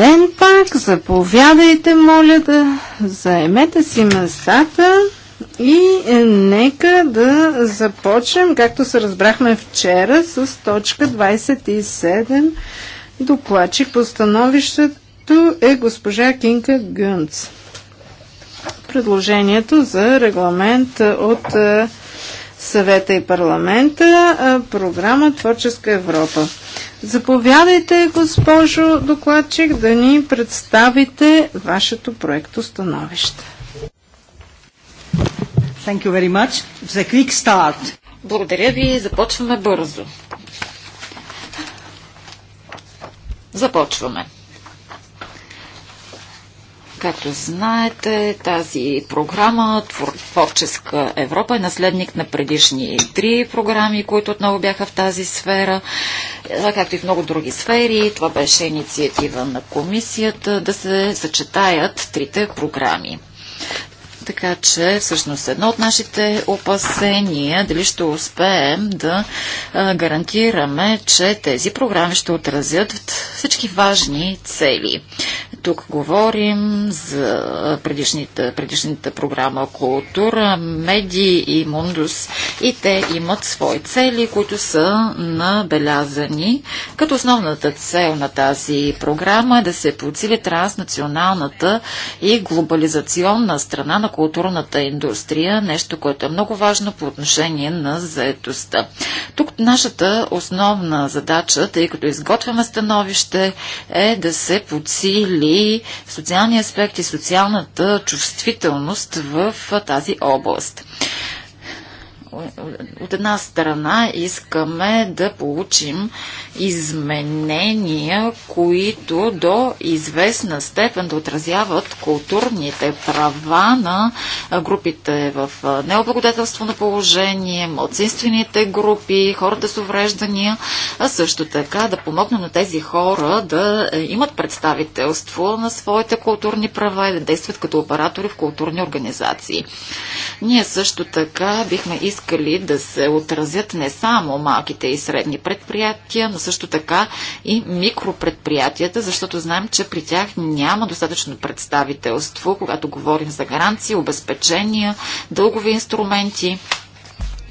ден пак. Заповядайте, моля да заемете си местата и нека да започнем, както се разбрахме вчера, с точка 27 докладчик по становището е госпожа Кинка Гюнц. Предложението за регламент от е, съвета и парламента, програма Творческа Европа. Заповядайте, госпожо докладчик, да ни представите вашето проекто становище. Thank you very much. The quick start. Благодаря ви. Започваме бързо. Започваме. Както знаете, тази програма Творческа Европа е наследник на предишни три програми, които отново бяха в тази сфера, е, както и в много други сфери. Това беше инициатива на комисията да се съчетаят трите програми. Така че всъщност едно от нашите опасения, е дали ще успеем да гарантираме, че тези програми ще отразят всички важни цели. Тук говорим за предишните, предишните програма Култура, Медии и Мундус и те имат свои цели, които са набелязани, като основната цел на тази програма е да се подсили транснационалната и глобализационна страна на културната индустрия, нещо, което е много важно по отношение на заетостта. Тук нашата основна задача, тъй като изготвяме становище, е да се подсили социалния аспект и социалната чувствителност в тази област от една страна искаме да получим изменения, които до известна степен да отразяват културните права на групите в на положение, младсинствените групи, хората с увреждания, а също така да помогнем на тези хора да е, имат представителство на своите културни права и да действат като оператори в културни организации. Ние също така бихме искали искали да се отразят не само малките и средни предприятия, но също така и микропредприятията, защото знаем, че при тях няма достатъчно представителство, когато говорим за гаранции, обезпечения, дългови инструменти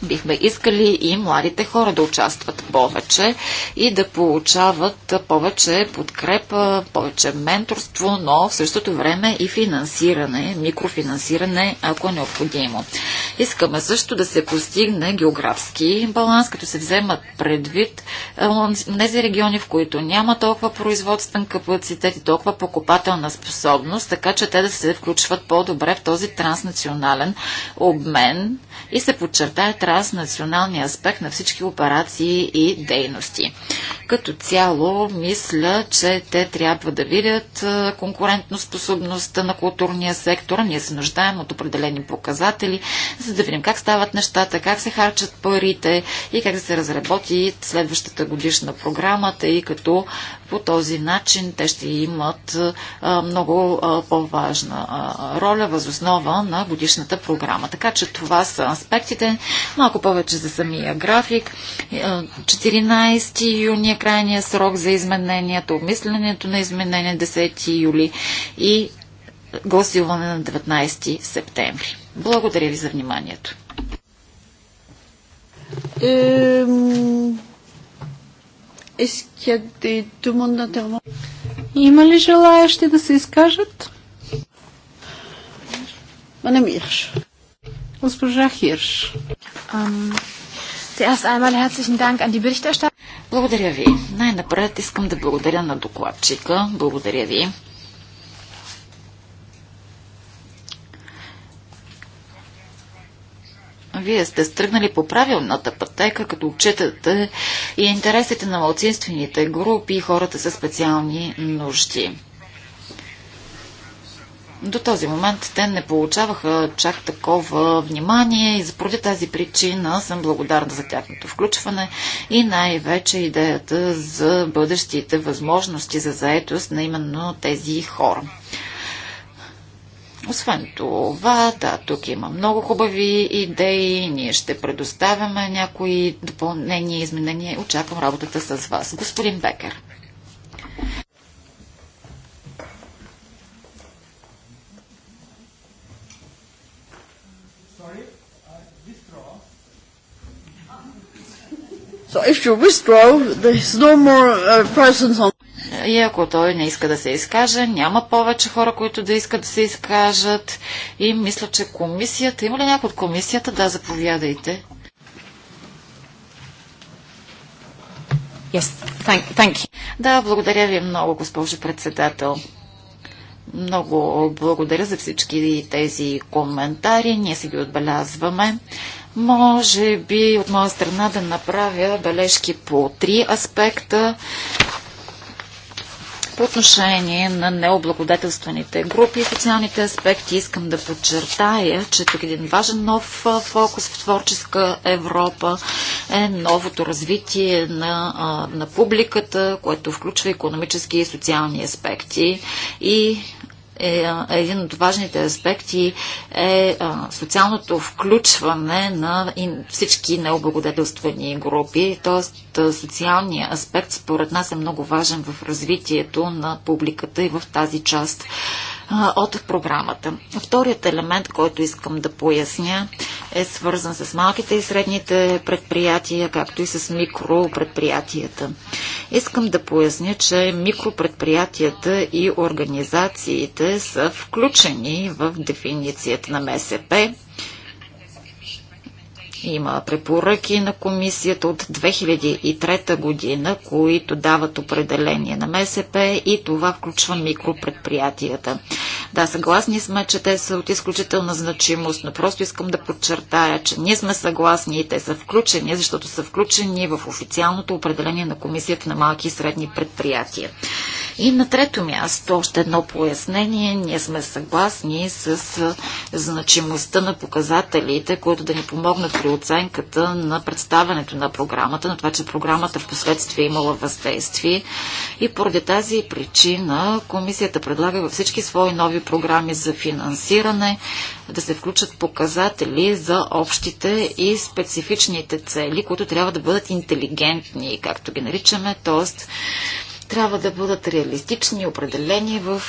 бихме искали и младите хора да участват повече и да получават повече подкрепа, повече менторство, но в същото време и финансиране, микрофинансиране, ако е необходимо. Искаме също да се постигне географски баланс, като се вземат предвид тези региони, в които няма толкова производствен капацитет и толкова покупателна способност, така че те да се включват по-добре в този транснационален обмен и се подчертае транснационалния аспект на всички операции и дейности. Като цяло, мисля, че те трябва да видят способността на културния сектор. Ние се нуждаем от определени показатели, за да видим как стават нещата, как се харчат парите и как да се разработи следващата годишна програма, тъй като по този начин те ще имат много по-важна роля възоснова на годишната програма. Така че това са аспектите, Малко повече за самия график. 14 е, юни е крайния срок за измененията, обмисленето на изменения 10 юли и гласуване на 19 септември. Благодаря ви за вниманието. Има ли желаящи да се изкажат? не намираш. Госпожа Хирш. Благодаря ви. Най-напред искам да благодаря на докладчика. Благодаря ви. Вие сте стръгнали по правилната пътека, като отчитате и интересите на младсинствените групи и хората със специални нужди. До този момент те не получаваха чак такова внимание и поради тази причина съм благодарна за тяхното включване и най-вече идеята за бъдещите възможности за заетост на именно тези хора. Освен това, да, тук има много хубави идеи, ние ще предоставяме някои допълнения, и изменения. Очаквам работата с вас. Господин Бекер. So if you withdraw, there's no more uh, on... И ако той не иска да се изкаже, няма повече хора, които да искат да се изкажат. И мисля, че комисията... Има ли някой от комисията? Да, заповядайте. Yes, thank, thank you. Да, благодаря ви много, госпожо председател. Много благодаря за всички тези коментари. Ние си ги отбелязваме. Може би от моя страна да направя бележки по три аспекта по отношение на необлагодетелстваните групи и социалните аспекти искам да подчертая, че тук един важен нов фокус в творческа Европа е новото развитие на, на публиката, което включва економически и социални аспекти и е, един от важните аспекти е социалното включване на всички необлагодетелствени групи, т.е. социалния аспект според нас е много важен в развитието на публиката и в тази част от програмата. Вторият елемент, който искам да поясня, е свързан с малките и средните предприятия, както и с микропредприятията. Искам да поясня, че микропредприятията и организациите са включени в дефиницията на МСП има препоръки на комисията от 2003 година, които дават определение на МСП и това включва микропредприятията. Да, съгласни сме, че те са от изключителна значимост, но просто искам да подчертая, че ние сме съгласни и те са включени, защото са включени в официалното определение на комисията на малки и средни предприятия. И на трето място, още едно пояснение, ние сме съгласни с значимостта на показателите, които да ни помогнат при при оценката на представенето на програмата, на това, че програмата в последствие е имала въздействие. И поради тази причина комисията предлага във всички свои нови програми за финансиране да се включат показатели за общите и специфичните цели, които трябва да бъдат интелигентни, както ги наричаме, т.е трябва да бъдат реалистични, определени в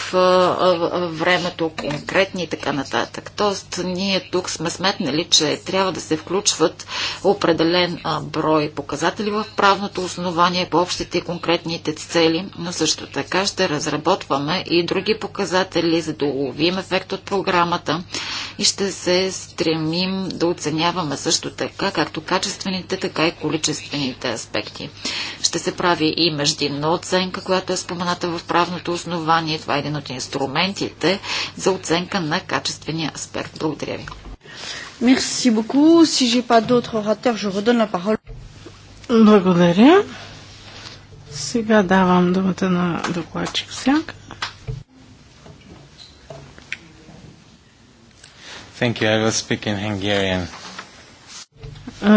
времето, конкретни и така нататък. Тоест, ние тук сме сметнали, че трябва да се включват определен брой показатели в правното основание по общите и конкретните цели, но също така ще разработваме и други показатели, за да уловим ефект от програмата и ще се стремим да оценяваме също така, както качествените, така и количествените аспекти. Ще се прави и междинно оценка оценка, която е спомената в правното основание. Това е един от инструментите за оценка на качествения аспект. Благодаря ви. Merci beaucoup. Si j'ai pas d'autres orateurs, je redonne la parole. Благодаря. Сега давам думата на докладчик Сянка. Thank you. I will speak in Hungarian.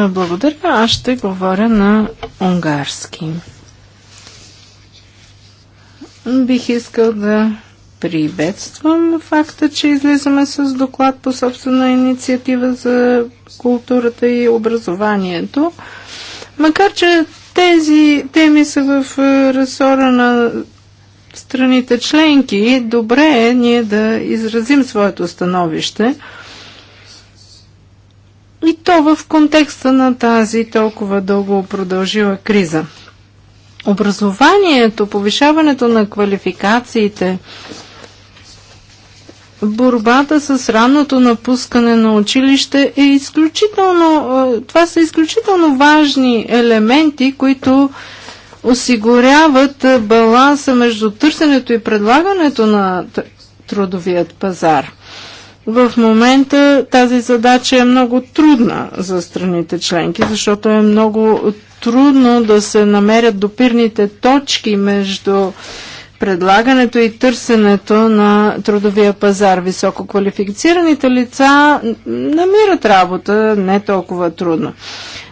Благодаря. Аз ще говоря на унгарски. Бих искал да приветствам факта, че излизаме с доклад по собствена инициатива за културата и образованието. Макар, че тези теми са в е, ресора на страните членки, добре е ние да изразим своето становище. И то в контекста на тази толкова дълго продължила криза образованието, повишаването на квалификациите, борбата с ранното напускане на училище е изключително, е, това са изключително важни елементи, които осигуряват е, баланса между търсенето и предлагането на трудовият пазар. В момента тази задача е много трудна за страните членки, защото е много трудно да се намерят допирните точки между предлагането и търсенето на трудовия пазар. Висококвалифицираните лица намират работа не толкова трудно.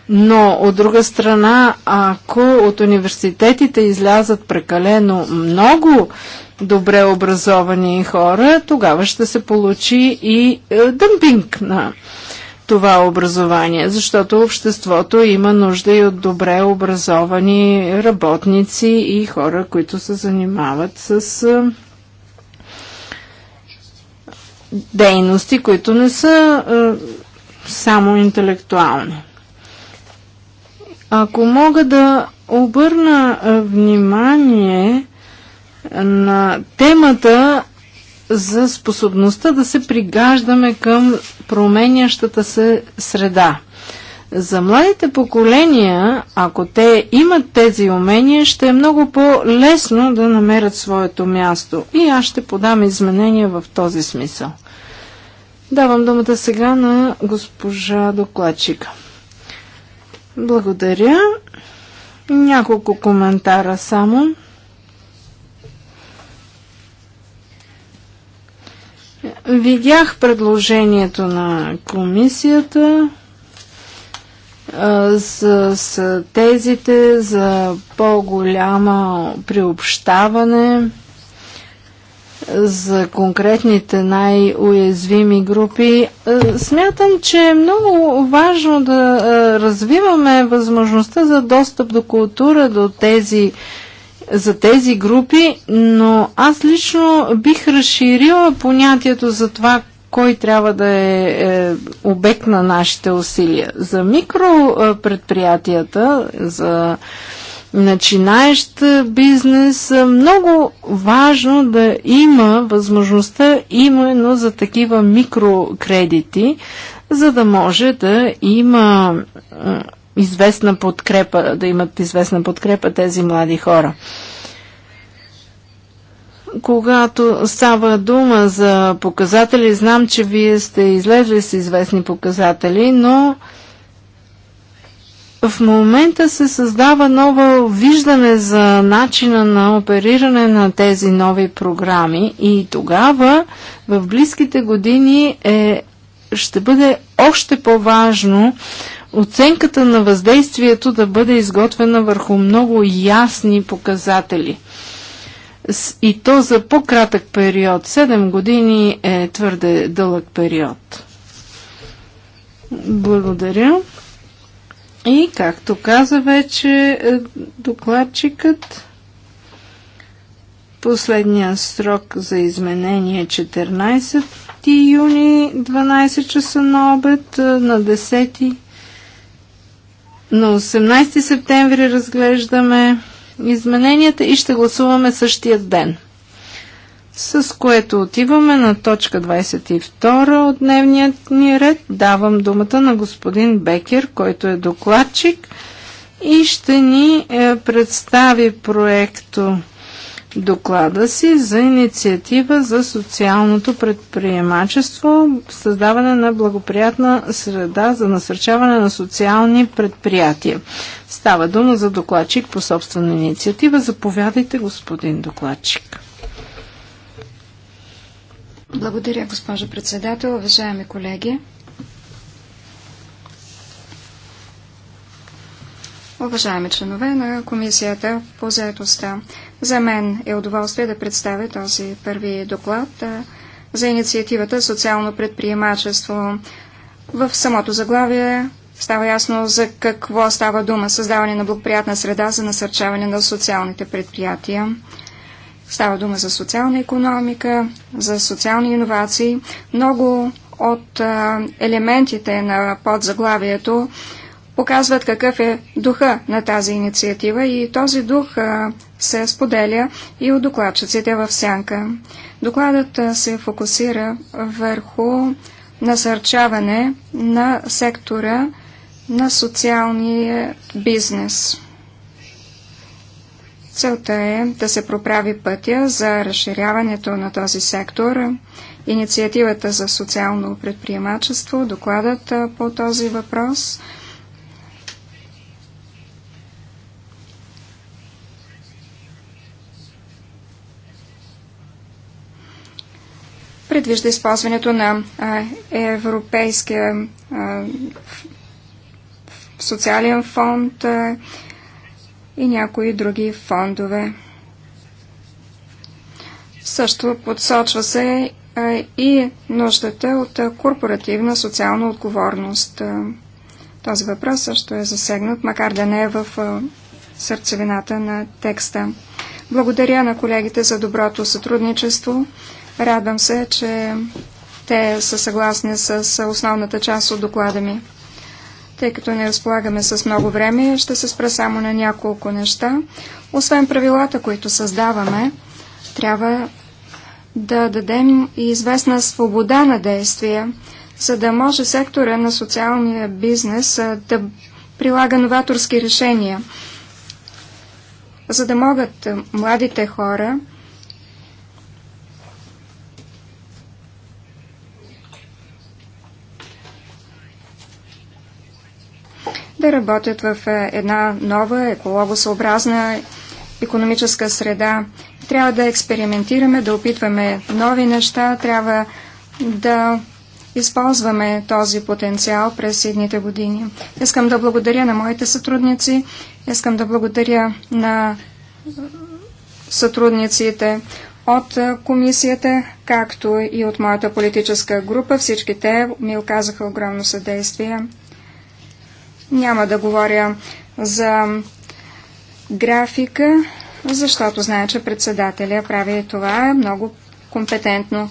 Но от друга страна, ако от университетите излязат прекалено много добре образовани хора, тогава ще се получи и е, дъмпинг на това образование, защото обществото има нужда и от добре образовани работници и хора, които се занимават с дейности, които не са само интелектуални. Ако мога да обърна внимание на темата за способността да се пригаждаме към променящата се среда. За младите поколения, ако те имат тези умения, ще е много по-лесно да намерят своето място. И аз ще подам изменения в този смисъл. Давам думата сега на госпожа докладчика. Благодаря. Няколко коментара само. Видях предложението на комисията с, с тезите за по-голямо приобщаване за конкретните най-уязвими групи. Смятам, че е много важно да развиваме възможността за достъп до култура, до тези за тези групи, но аз лично бих разширила понятието за това, кой трябва да е, е обект на нашите усилия. За микропредприятията, за начинаещ е, бизнес, е много важно да има възможността именно за такива микрокредити, за да може да има известна подкрепа, да имат известна подкрепа тези млади хора. Когато става дума за показатели, знам, че вие сте излезли с известни показатели, но в момента се създава ново виждане за начина на опериране на тези нови програми и тогава в близките години е, ще бъде още по-важно оценката на въздействието да бъде изготвена върху много ясни показатели. И то за по-кратък период. 7 години е твърде дълъг период. Благодаря. И както каза вече е, докладчикът, последния срок за изменение е 14 юни, 12 часа на обед, е, на 10 на 18 септември разглеждаме измененията и ще гласуваме същия ден. С което отиваме на точка 22 от дневния ни ред. Давам думата на господин Бекер, който е докладчик и ще ни е, представи проекто доклада си за инициатива за социалното предприемачество, създаване на благоприятна среда за насърчаване на социални предприятия. Става дума за докладчик по собствена инициатива. Заповядайте, господин докладчик. Благодаря, госпожо председател, уважаеми колеги. Уважаеми членове на Комисията по заедостта, за мен е удоволствие да представя този първи доклад за инициативата Социално предприемачество. В самото заглавие става ясно за какво става дума. Създаване на благоприятна среда за насърчаване на социалните предприятия. Става дума за социална економика, за социални иновации. Много от елементите на подзаглавието показват какъв е духа на тази инициатива и този дух се споделя и от докладчиците в сянка. Докладът се фокусира върху насърчаване на сектора на социалния бизнес. Целта е да се проправи пътя за разширяването на този сектор, инициативата за социално предприемачество, докладът по този въпрос – предвижда използването на Европейския социален фонд и някои други фондове. Също подсочва се и нуждата от корпоративна социална отговорност. Този въпрос също е засегнат, макар да не е в сърцевината на текста. Благодаря на колегите за доброто сътрудничество. Радвам се, че те са съгласни с основната част от доклада ми. Тъй като не разполагаме с много време, ще се спра само на няколко неща. Освен правилата, които създаваме, трябва да дадем и известна свобода на действие, за да може сектора на социалния бизнес да прилага новаторски решения, за да могат младите хора да работят в е, една нова екологосъобразна економическа среда. Трябва да експериментираме, да опитваме нови неща, трябва да използваме този потенциал през едните години. Искам да благодаря на моите сътрудници, искам да благодаря на сътрудниците от е, комисията, както и от моята политическа група. Всички те ми оказаха огромно съдействие. Няма да говоря за графика, защото знае, че председателя прави това много компетентно.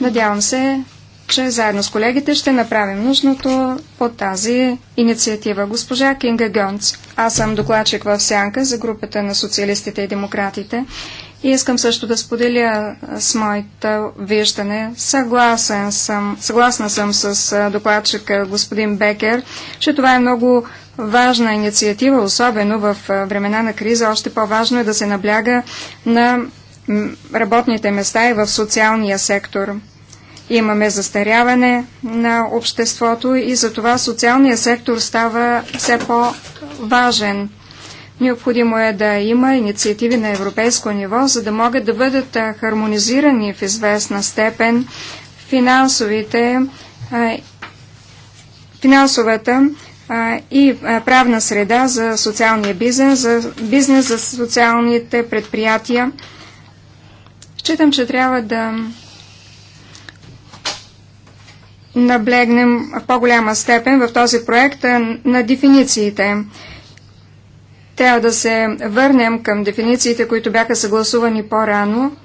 Надявам се, че заедно с колегите ще направим нужното от тази инициатива. Госпожа Кинга Гонц, аз съм докладчик в Сянка за групата на социалистите и демократите и искам също да споделя с моите виждане. Съгласен съм, съгласна съм с докладчика господин Бекер, че това е много важна инициатива, особено в времена на криза. Още по-важно е да се набляга на работните места и в социалния сектор. Имаме застаряване на обществото и затова социалният сектор става все по-важен. Необходимо е да има инициативи на европейско ниво, за да могат да бъдат хармонизирани в известна степен финансовите, финансовата и правна среда за социалния бизнес, за бизнес за социалните предприятия. Считам, че трябва да наблегнем в по-голяма степен в този проект на дефинициите. Трябва да се върнем към дефинициите, които бяха съгласувани по-рано.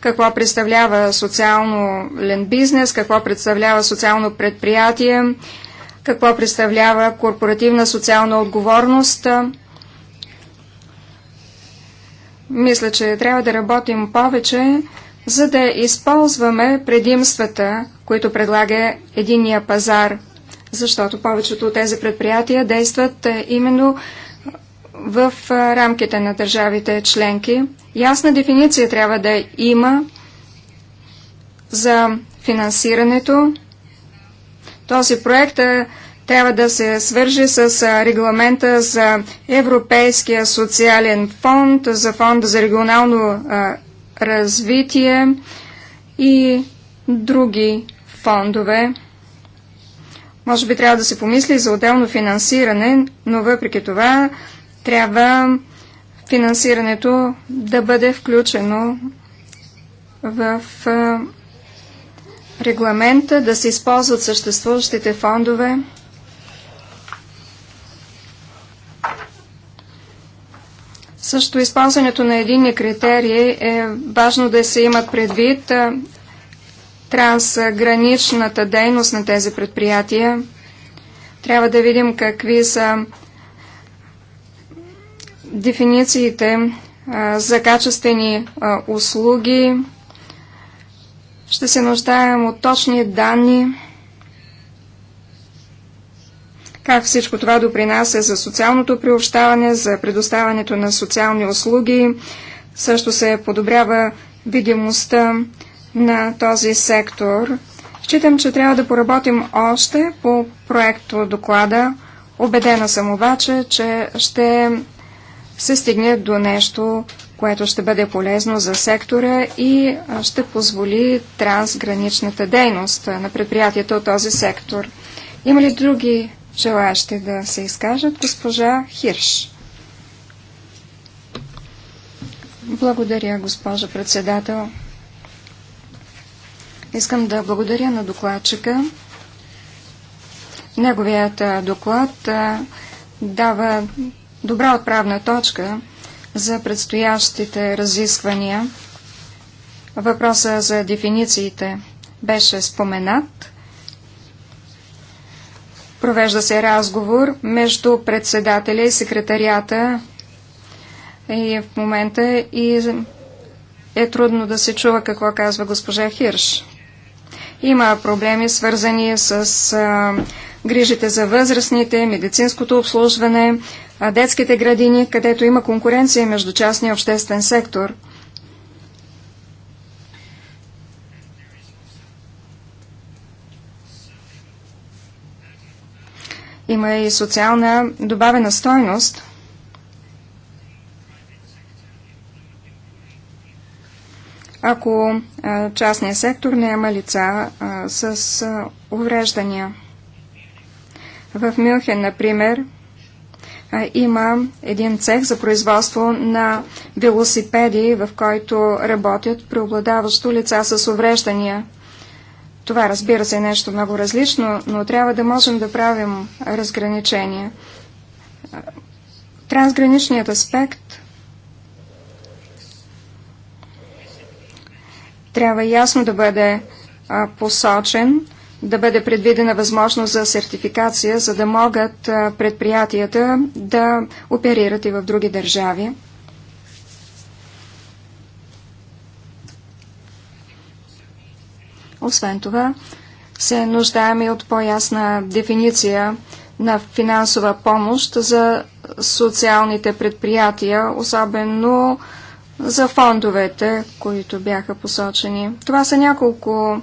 Какво представлява социално-лен бизнес, какво представлява социално предприятие, какво представлява корпоративна социална отговорност. Мисля, че трябва да работим повече, за да използваме предимствата, които предлага единия пазар, защото повечето от тези предприятия действат е, именно в рамките на държавите членки. Ясна дефиниция трябва да има за финансирането. Този проект трябва да се свържи с регламента за Европейския социален фонд, за фонда за регионално развитие и други фондове. Може би трябва да се помисли за отделно финансиране, но въпреки това трябва финансирането да бъде включено в регламента, да се използват съществуващите фондове. Също използването на единни критерии е важно да се имат предвид трансграничната дейност на тези предприятия. Трябва да видим какви са дефинициите за качествени услуги. Ще се нуждаем от точни данни. Как всичко това допринася за социалното приобщаване, за предоставянето на социални услуги. Също се подобрява видимостта на този сектор. Считам, че трябва да поработим още по проекто доклада. Обедена съм обаче, че ще се стигне до нещо, което ще бъде полезно за сектора и ще позволи трансграничната дейност на предприятията от този сектор. Има ли други желаящи да се изкажат? Госпожа Хирш. Благодаря, госпожа председател. Искам да благодаря на докладчика. Неговият доклад дава добра отправна точка за предстоящите разисквания. Въпроса за дефинициите беше споменат. Провежда се разговор между председателя и секретарията и в момента и е трудно да се чува какво казва госпожа Хирш. Има проблеми свързани с а, грижите за възрастните, медицинското обслужване, а детските градини, където има конкуренция между частния и обществен сектор. Има и социална добавена стойност. ако частния сектор не има лица с увреждания. В Мюнхен, например, има един цех за производство на велосипеди, в който работят преобладаващо лица с увреждания. Това разбира се е нещо много различно, но трябва да можем да правим разграничения. Трансграничният аспект трябва ясно да бъде посочен да бъде предвидена възможност за сертификация, за да могат предприятията да оперират и в други държави. Освен това, се нуждаем и от по-ясна дефиниция на финансова помощ за социалните предприятия, особено за фондовете, които бяха посочени. Това са няколко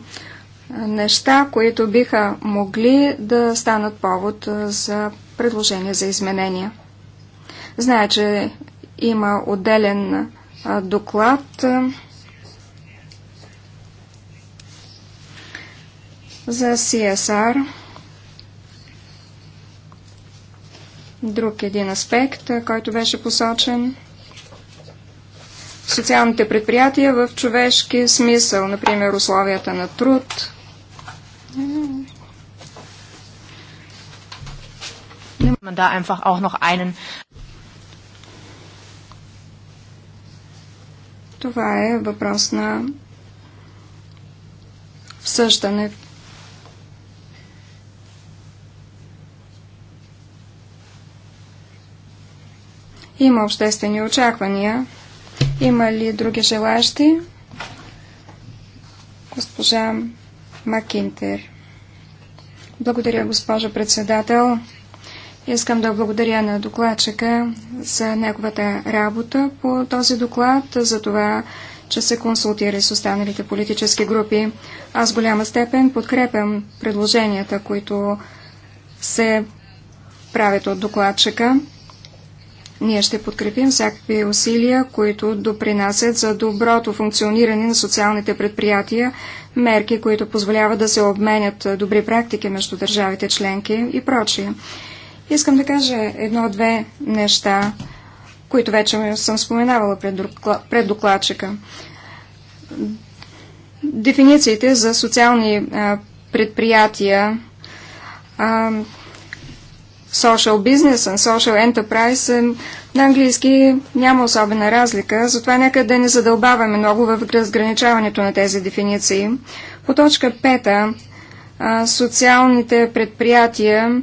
неща, които биха могли да станат повод за предложение за изменения. Зная, че има отделен доклад за CSR. Друг един аспект, който беше посочен социалните предприятия в човешки смисъл, например условията на труд, Man da einfach auch noch einen. Това е въпрос на всъщане. Има обществени очаквания. Има ли други желащи? Госпожа Макинтер. Благодаря, госпожо председател. Искам да благодаря на докладчика за неговата работа по този доклад, за това, че се консултира с останалите политически групи. Аз в голяма степен подкрепям предложенията, които се правят от докладчика. Ние ще подкрепим всякакви усилия, които допринасят за доброто функциониране на социалните предприятия мерки, които позволяват да се обменят добри практики между държавите членки и прочие. Искам да кажа едно-две неща, които вече съм споменавала пред, докла... пред докладчика. Дефинициите за социални а, предприятия а, social business and social enterprise на английски няма особена разлика, затова нека да не задълбаваме много в разграничаването на тези дефиниции. По точка 5 социалните предприятия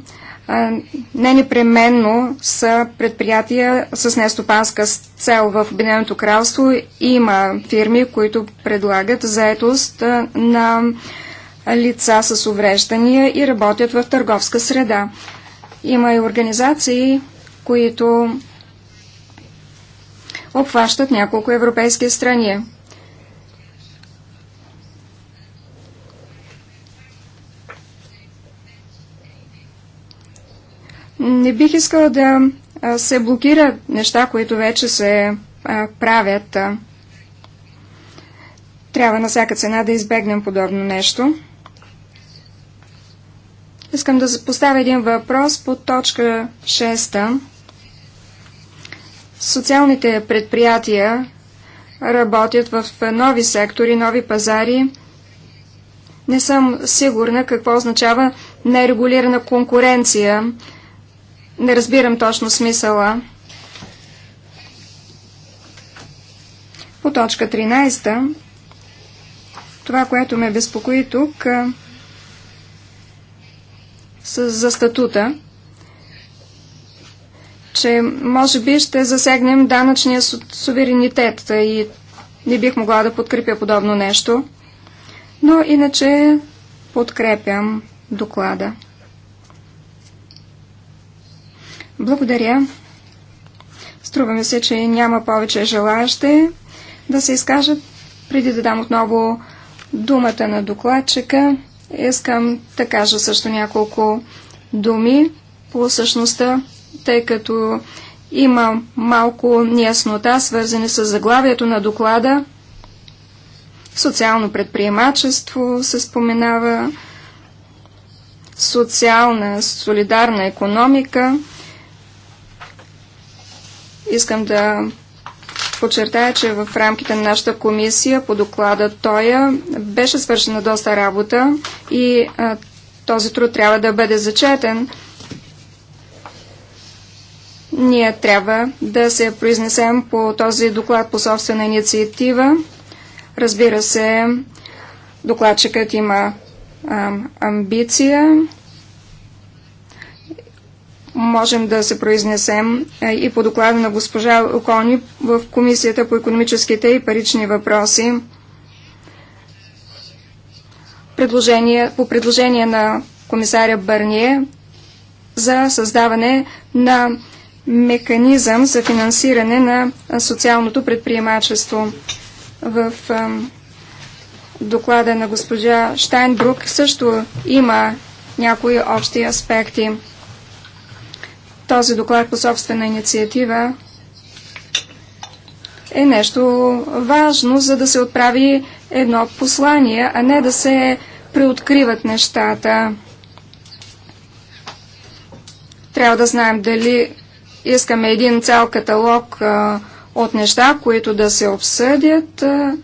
не непременно са предприятия с нестопанска цел в Обединеното кралство. Има фирми, които предлагат заетост на лица с увреждания и работят в търговска среда. Има и организации, които обхващат няколко европейски страни. Не бих искал да се блокират неща, които вече се правят. Трябва на всяка цена да избегнем подобно нещо. Искам да поставя един въпрос по точка 6. Социалните предприятия работят в нови сектори, нови пазари. Не съм сигурна какво означава нерегулирана конкуренция. Не разбирам точно смисъла. По точка 13, това, което ме безпокои тук, е, за статута, че може би ще засегнем данъчния суверенитет и не бих могла да подкрепя подобно нещо. Но иначе подкрепям доклада. Благодаря. Струва ми се, че няма повече желаящи да се изкажат. Преди да дам отново думата на докладчика, искам да кажа също няколко думи по същността тъй като има малко неяснота, свързани с заглавието на доклада. Социално предприемачество се споменава, социална, солидарна економика. Искам да подчертая, че в рамките на нашата комисия по доклада Тоя беше свършена доста работа и а, този труд трябва да бъде зачетен. Ние трябва да се произнесем по този доклад по собствена инициатива. Разбира се, докладчикът има а, амбиция. Можем да се произнесем е, и по доклада на госпожа Окони в Комисията по економическите и парични въпроси. Предложение, по предложение на комисаря Бърние за създаване на механизъм за финансиране на социалното предприемачество. В доклада на госпожа Штайнбрук също има някои общи аспекти. Този доклад по собствена инициатива е нещо важно, за да се отправи едно послание, а не да се преоткриват нещата. Трябва да знаем дали Искаме един цял каталог а, от неща, които да се обсъдят, а,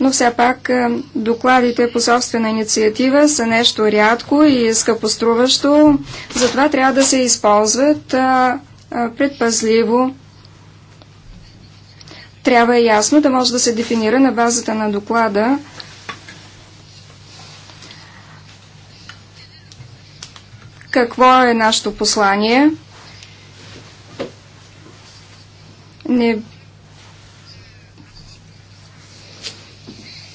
но все пак а, докладите по собствена инициатива са нещо рядко и скъпоструващо, затова трябва да се използват а, а, предпазливо. Трябва ясно да може да се дефинира на базата на доклада Какво е нашето послание? Не...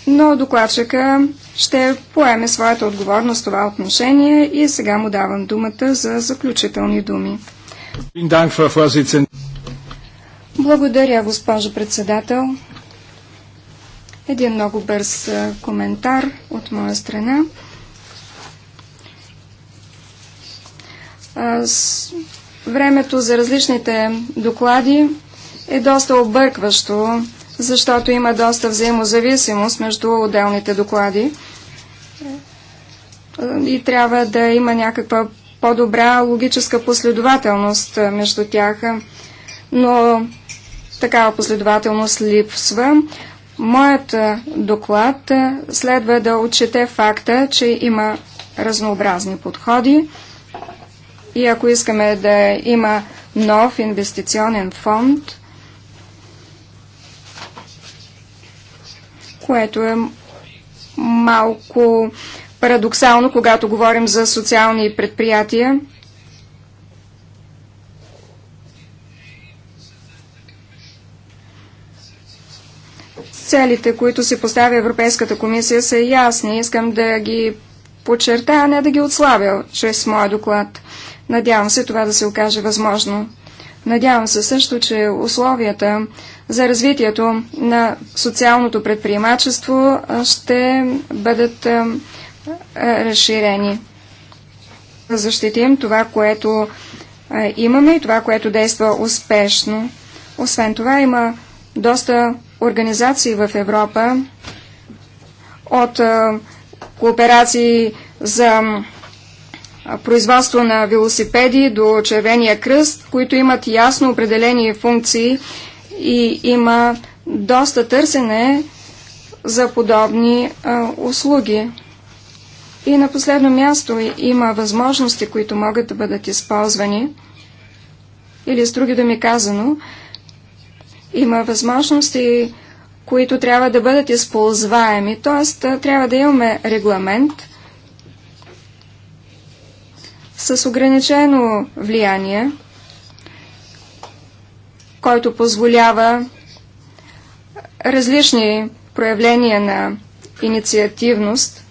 Но докладчика ще поеме своята отговорност в това отношение и сега му давам думата за заключителни думи. Благодаря, госпожо председател. Един много бърз коментар от моя страна. Времето за различните доклади е доста объркващо, защото има доста взаимозависимост между отделните доклади и трябва да има някаква по-добра логическа последователност между тях, но такава последователност липсва. Моят доклад следва да отчете факта, че има разнообразни подходи, и ако искаме да има нов инвестиционен фонд, което е малко парадоксално, когато говорим за социални предприятия. Целите, които си поставя Европейската комисия, са ясни. Искам да ги подчертая, не да ги отслабя чрез моя доклад. Надявам се това да се окаже възможно. Надявам се също, че условията за развитието на социалното предприемачество ще бъдат разширени. Да защитим това, което имаме и това, което действа успешно. Освен това има доста организации в Европа от кооперации за производство на велосипеди до Червения кръст, които имат ясно определени функции и има доста търсене за подобни а, услуги. И на последно място има възможности, които могат да бъдат използвани. Или с други думи казано, има възможности, които трябва да бъдат използваеми. Т.е. трябва да имаме регламент, с ограничено влияние, който позволява различни проявления на инициативност.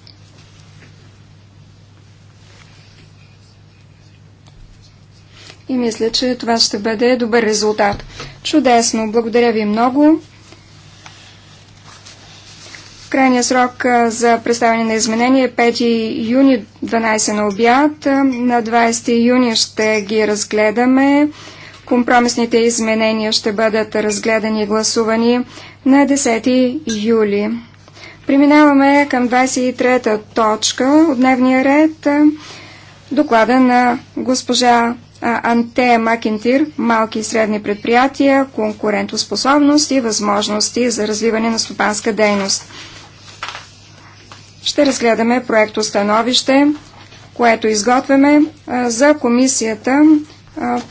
И мисля, че това ще бъде добър резултат. Чудесно! Благодаря ви много! Крайният срок за представяне на изменения е 5 юни 12 на обяд. На 20 юни ще ги разгледаме. Компромисните изменения ще бъдат разгледани и гласувани на 10 юли. Преминаваме към 23-та точка от дневния ред. Доклада на госпожа Антея Макентир малки и средни предприятия, конкурентоспособност и възможности за развиване на стопанска дейност ще разгледаме проекто становище, което изготвяме за комисията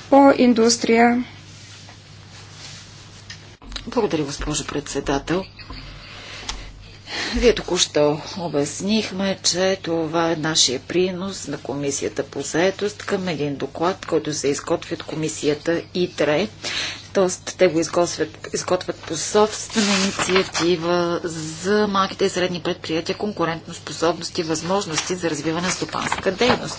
по индустрия. Благодаря, госпожо председател. Вие току-що обяснихме, че това е нашия принос на Комисията по заедост към един доклад, който се изготви от Комисията ИТРЕ Тоест, те го изготвят, изготвят по собствена инициатива за малките и средни предприятия, конкурентно способности, и възможности за развиване на стопанска дейност.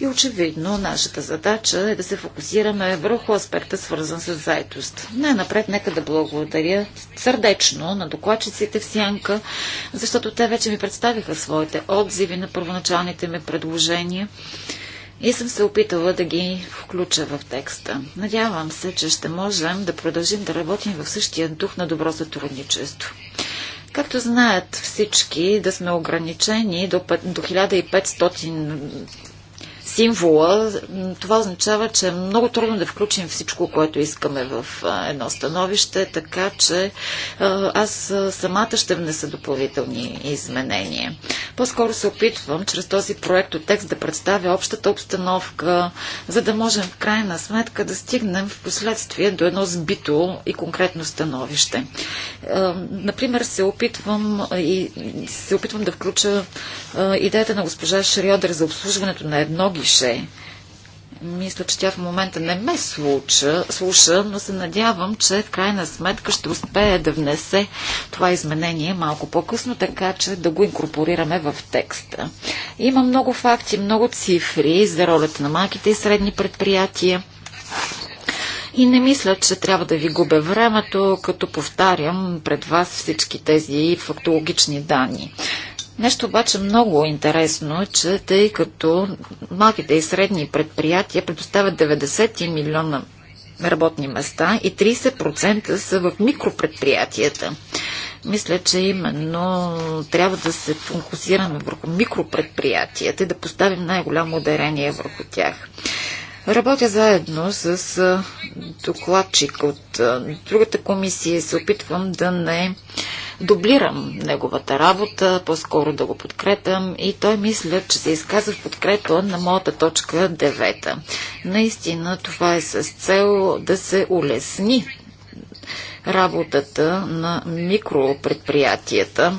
И очевидно, нашата задача е да се фокусираме върху аспекта, свързан с заедост. Най-напред, нека да благодаря сърдечно на докладчиците в Сянка, защото те вече ми представиха своите отзиви на първоначалните ми предложения и съм се опитала да ги включа в текста. Надявам се, че ще можем да продължим да работим в същия дух на добро сътрудничество. Както знаят всички, да сме ограничени до, до 1500 символа, това означава, че е много трудно да включим всичко, което искаме в едно становище, така че аз самата ще внеса допълнителни изменения. По-скоро се опитвам чрез този проект от текст да представя общата обстановка, за да можем в крайна сметка да стигнем в последствие до едно сбито и конкретно становище. Например, се опитвам и се опитвам да включа идеята на госпожа Шриодер за обслужването на едно ги. Трише. Мисля, че тя в момента не ме случа, слуша, но се надявам, че в крайна сметка ще успее да внесе това изменение малко по-късно, така че да го инкорпорираме в текста. Има много факти, много цифри за ролята на малките и средни предприятия. И не мисля, че трябва да ви губя времето, като повтарям пред вас всички тези фактологични данни. Нещо обаче много интересно е, че тъй като малките и средни предприятия предоставят 90 милиона работни места и 30% са в микропредприятията. Мисля, че именно трябва да се фокусираме върху микропредприятията и да поставим най-голямо ударение върху тях. Работя заедно с докладчик от другата комисия и се опитвам да не дублирам неговата работа, по-скоро да го подкрепям и той мисля, че се изказва в подкрепа на моята точка 9. Наистина това е с цел да се улесни работата на микропредприятията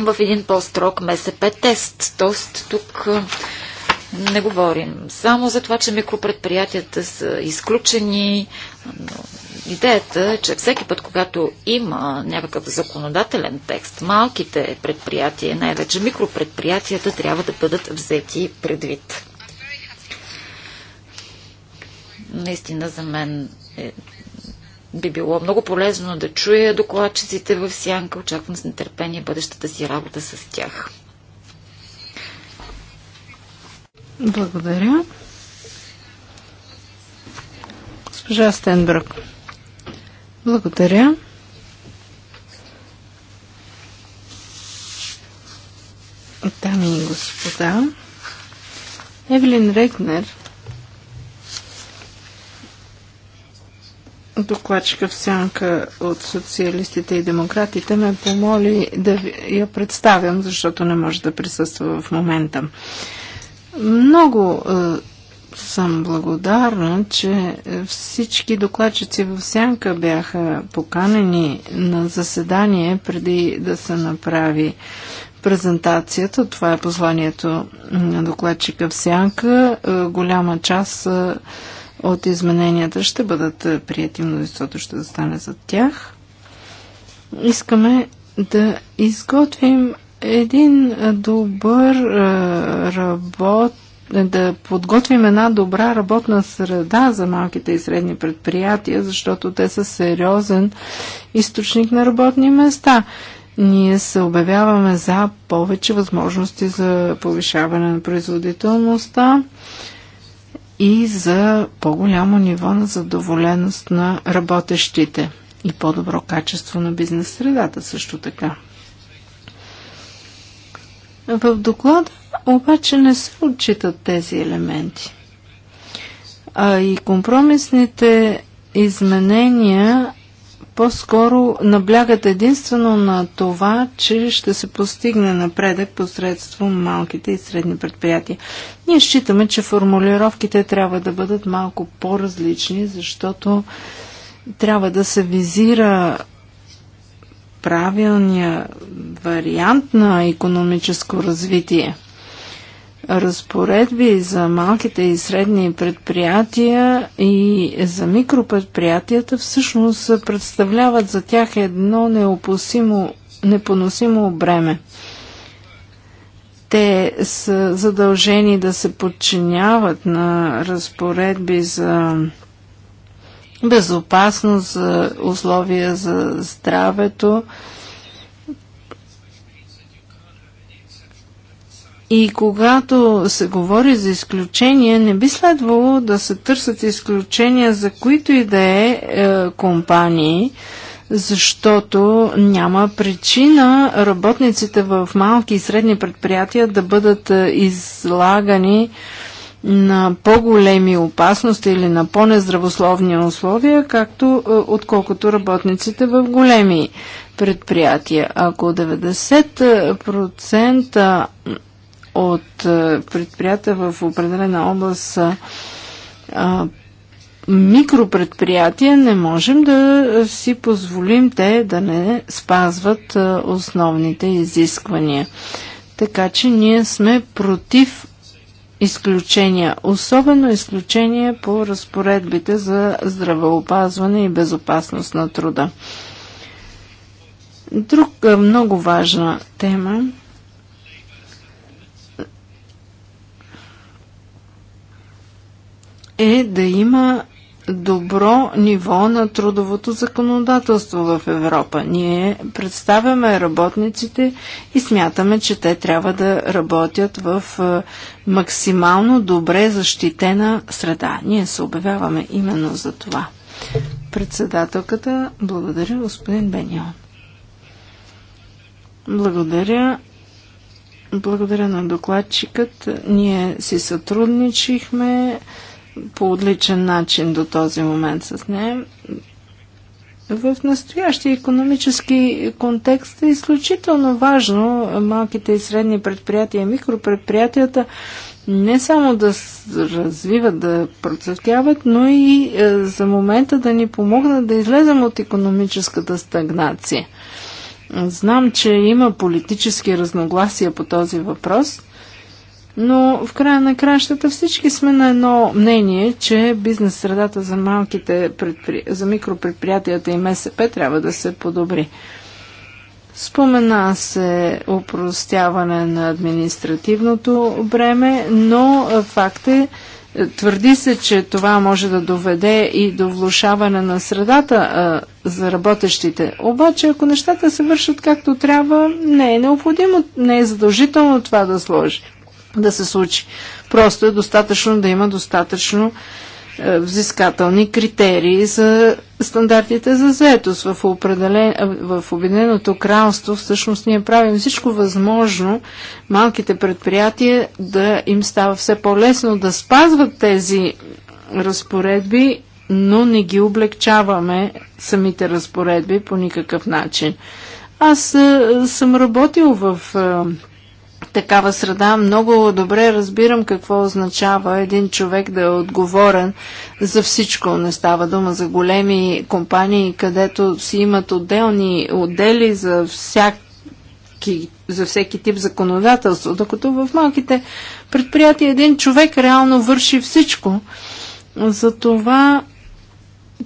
в един по-строг МСП тест. Тоест тук не говорим само за това, че микропредприятията са изключени. Но идеята е, че всеки път, когато има някакъв законодателен текст, малките предприятия, най-вече микропредприятията, трябва да бъдат взети предвид. Наистина за мен е би било много полезно да чуя докладчиците в сянка. Очаквам с нетърпение бъдещата си работа с тях. Благодаря. Госпожа Стенбрък. Благодаря. Дами и господа, Евлин Рекнер, докладчика в сянка от социалистите и демократите, ме помоли да я представям, защото не може да присъства в момента. Много е, съм благодарна, че всички докладчици в Сянка бяха поканени на заседание преди да се направи презентацията. Това е посланието на докладчика в Сянка. Е, голяма част е, от измененията ще бъдат прияти, мнозинството ще застане зад тях. Искаме да изготвим един добър е, работ, да подготвим една добра работна среда за малките и средни предприятия, защото те са сериозен източник на работни места. Ние се обявяваме за повече възможности за повишаване на производителността и за по-голямо ниво на задоволеност на работещите и по-добро качество на бизнес средата също така. В доклада обаче не се отчитат тези елементи. А и компромисните изменения по-скоро наблягат единствено на това, че ще се постигне напредък посредством малките и средни предприятия. Ние считаме, че формулировките трябва да бъдат малко по-различни, защото трябва да се визира правилния вариант на економическо развитие. Разпоредби за малките и средни предприятия и за микропредприятията всъщност представляват за тях едно неопосимо, непоносимо бреме. Те са задължени да се подчиняват на разпоредби за безопасност, за условия за здравето. И когато се говори за изключения, не би следвало да се търсят изключения за които и да е, е компании, защото няма причина работниците в малки и средни предприятия да бъдат е, излагани на по-големи опасности или на по-нездравословни условия, както е, отколкото работниците в големи предприятия. Ако 90% от е, предприятия в определена област са микропредприятия, не можем да си позволим те да не спазват е, основните изисквания. Така че ние сме против изключения, особено изключения по разпоредбите за здравеопазване и безопасност на труда. Друга е, много важна тема е да има добро ниво на трудовото законодателство в Европа. Ние представяме работниците и смятаме, че те трябва да работят в е, максимално добре защитена среда. Ние се обявяваме именно за това. Председателката, благодаря господин Бенион. Благодаря. Благодаря на докладчикът. Ние си сътрудничихме по отличен начин до този момент с нея. В настоящия економически контекст е изключително важно малките и средни предприятия микропредприятията не само да развиват, да процъфтяват, но и е, за момента да ни помогнат да излезем от економическата стагнация. Знам, че има политически разногласия по този въпрос, но в края на кращата всички сме на едно мнение, че бизнес средата за малките предпри... за микропредприятията и МСП трябва да се подобри. Спомена се упростяване на административното бреме, но факт е, твърди се, че това може да доведе и до влушаване на средата а, за работещите. Обаче, ако нещата се вършат както трябва, не е необходимо, не е задължително това да сложи да се случи. Просто е достатъчно да има достатъчно е, взискателни критерии за стандартите за заетост. В, определен, в Обединеното кралство всъщност ние правим всичко възможно малките предприятия да им става все по-лесно да спазват тези разпоредби, но не ги облегчаваме самите разпоредби по никакъв начин. Аз е, съм работил в е, такава среда, много добре разбирам какво означава един човек да е отговорен за всичко. Не става дума за големи компании, където си имат отделни отдели за всяки за всеки тип законодателство, докато в малките предприятия един човек реално върши всичко. Затова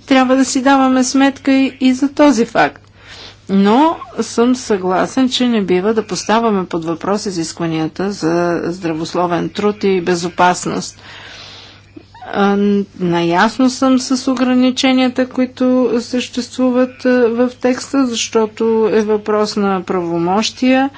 трябва да си даваме сметка и, и за този факт. Но съм съгласен, че не бива да поставяме под въпрос изискванията за здравословен труд и безопасност. Наясно съм с ограниченията, които съществуват в текста, защото е въпрос на правомощия.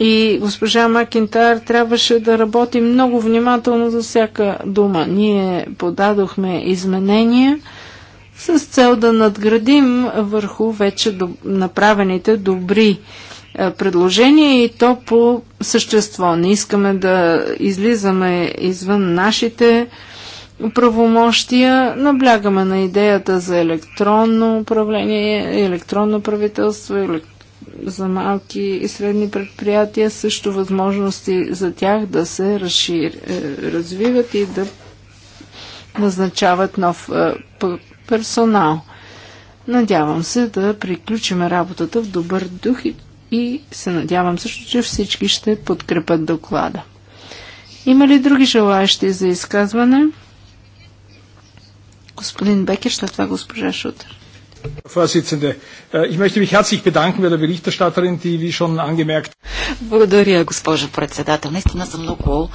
И госпожа Макинтар трябваше да работи много внимателно за всяка дума. Ние подадохме изменения с цел да надградим върху вече направените добри е, предложения и то по същество. Не искаме да излизаме извън нашите правомощия. Наблягаме на идеята за електронно управление, електронно правителство, за малки и средни предприятия, също възможности за тях да се разшир... Е, развиват и да назначават нов е, персонал. Надявам се да приключим работата в добър дух и, и се надявам също, че всички ще подкрепят доклада. Има ли други желаящи за изказване? Господин Бекер, след това госпожа Шутер. Благодаря, госпожо председател. Наистина съм много